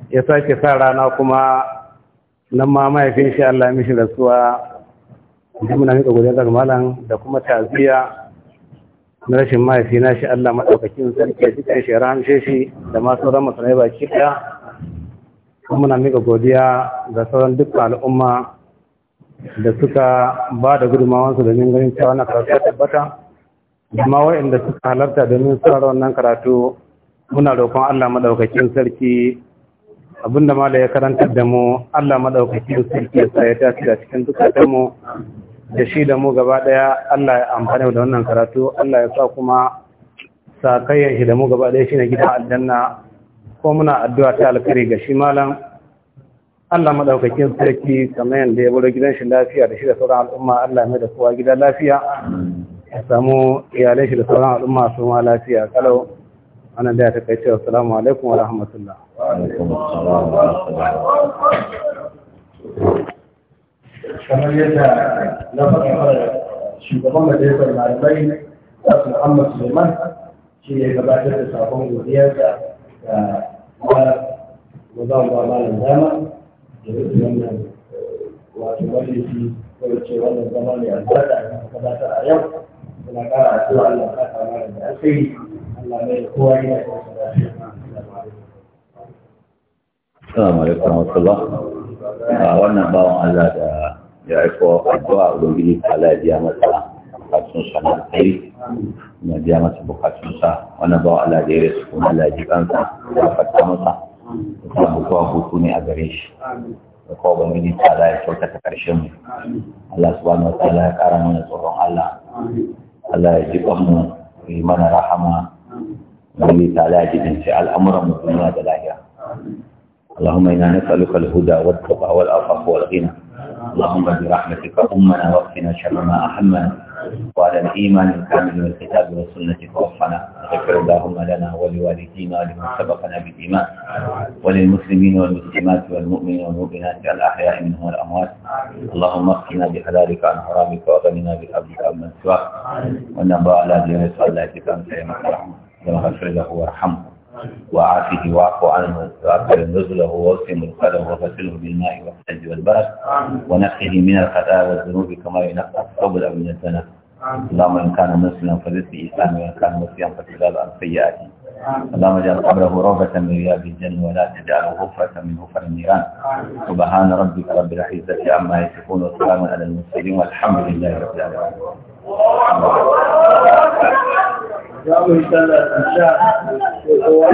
ya sake sa rana kuma nan ma mahaifin shi Allah ya mishi rasuwa da muna mai gode ga malam da kuma taziya na rashin mahaifi na shi Allah maɗaukakin sarki ya shi ƙarshe rahamshe shi da masu sauran Sanai baki ɗaya muna mika godiya ga sauran duk al'umma da suka ba da gudunmawansu domin ganin cewa na karatu ya tabbata amma waɗanda suka halarta domin sauraron wannan karatu muna roƙon Allah maɗaukakin sarki abinda da ya karanta da mu Allah maɗaukakin sarki ya sa ya tafi da cikin dukkan mu da shi da mu gaba ɗaya Allah ya amfani da wannan karatu Allah ya sa kuma sakayyar shi da mu gaba ɗaya shine gidan aljanna ko muna addu'a ta alkhairi ga shi malam Allah madaukakin sarki kamar yadda ya bude gidan shi lafiya da shi da sauran al'umma Allah mai da kowa gida lafiya ya samu iyalai shi da sauran al'umma su ma lafiya kalau ana da ta kai cewa assalamu alaikum wa rahmatullah wa alaikum wa rahmatullah kamar yadda na faɗa shugaban majalisar malamai Dr. Muhammad Suleiman shi ne gabatar da sakon godiyarsa da ba za mu ba malam dama da rufe wannan eh, wato wanda shi kawai ce wannan zama mai albarka a kan kadatar a yau muna ƙara addu'a Allah ka kama da alheri Allah mai kowa yana da lafiya Assalamu alaikum warahmatullah wannan bawan Allah da ya aiko addu'a ubangiji ta lafiya masa a cikin sana'a na biya masa bukatunsa wani bawa Allah da ya rasu kuma Allah ji kansa fata masa kuma mutuwa hutu ne a gare shi da kowa bangiji ya karshen mu Allah subhanahu wa ta'ala ya kara mana tsoron Allah Allah ya ji kanmu yi mana rahama bangiji ta za ya ji binci al'amuran mu duniya da lahiya اللهم إنا نسألك الهدى والتقى والعفاف والغنى اللهم برحمتك أمنا واقفنا شر ما أحمنا وعلى الإيمان الكامل والكتاب والسنة توفنا ذكر اللهم لنا ولوالدينا ولمن سبقنا بالإيمان وللمسلمين والمسلمات والمؤمنين والمؤمنات على الأحياء منهم والأموات اللهم اقنا بحلالك عن حرامك وغننا عن من سواك ونبع على دين صلاتك أنت يا مكرم اللهم غفر له وارحمه وعافه واعف عنه وأكبر نزله ووسع مدخله وغسله بالماء والثلج والبرد ونقه من الخطايا والذنوب كما ينقى الثوب من الزنا اللهم إن كان مسلما فرزق إسلامه وإن كان مسلما فكذاب عن سيئاته اللهم اجعل قبره روضة من رياض الجنة ولا تجعله غفرة من غفر النيران سبحان ربك رب العزة عما يصفون وسلام على المرسلين والحمد لله رب العالمين يا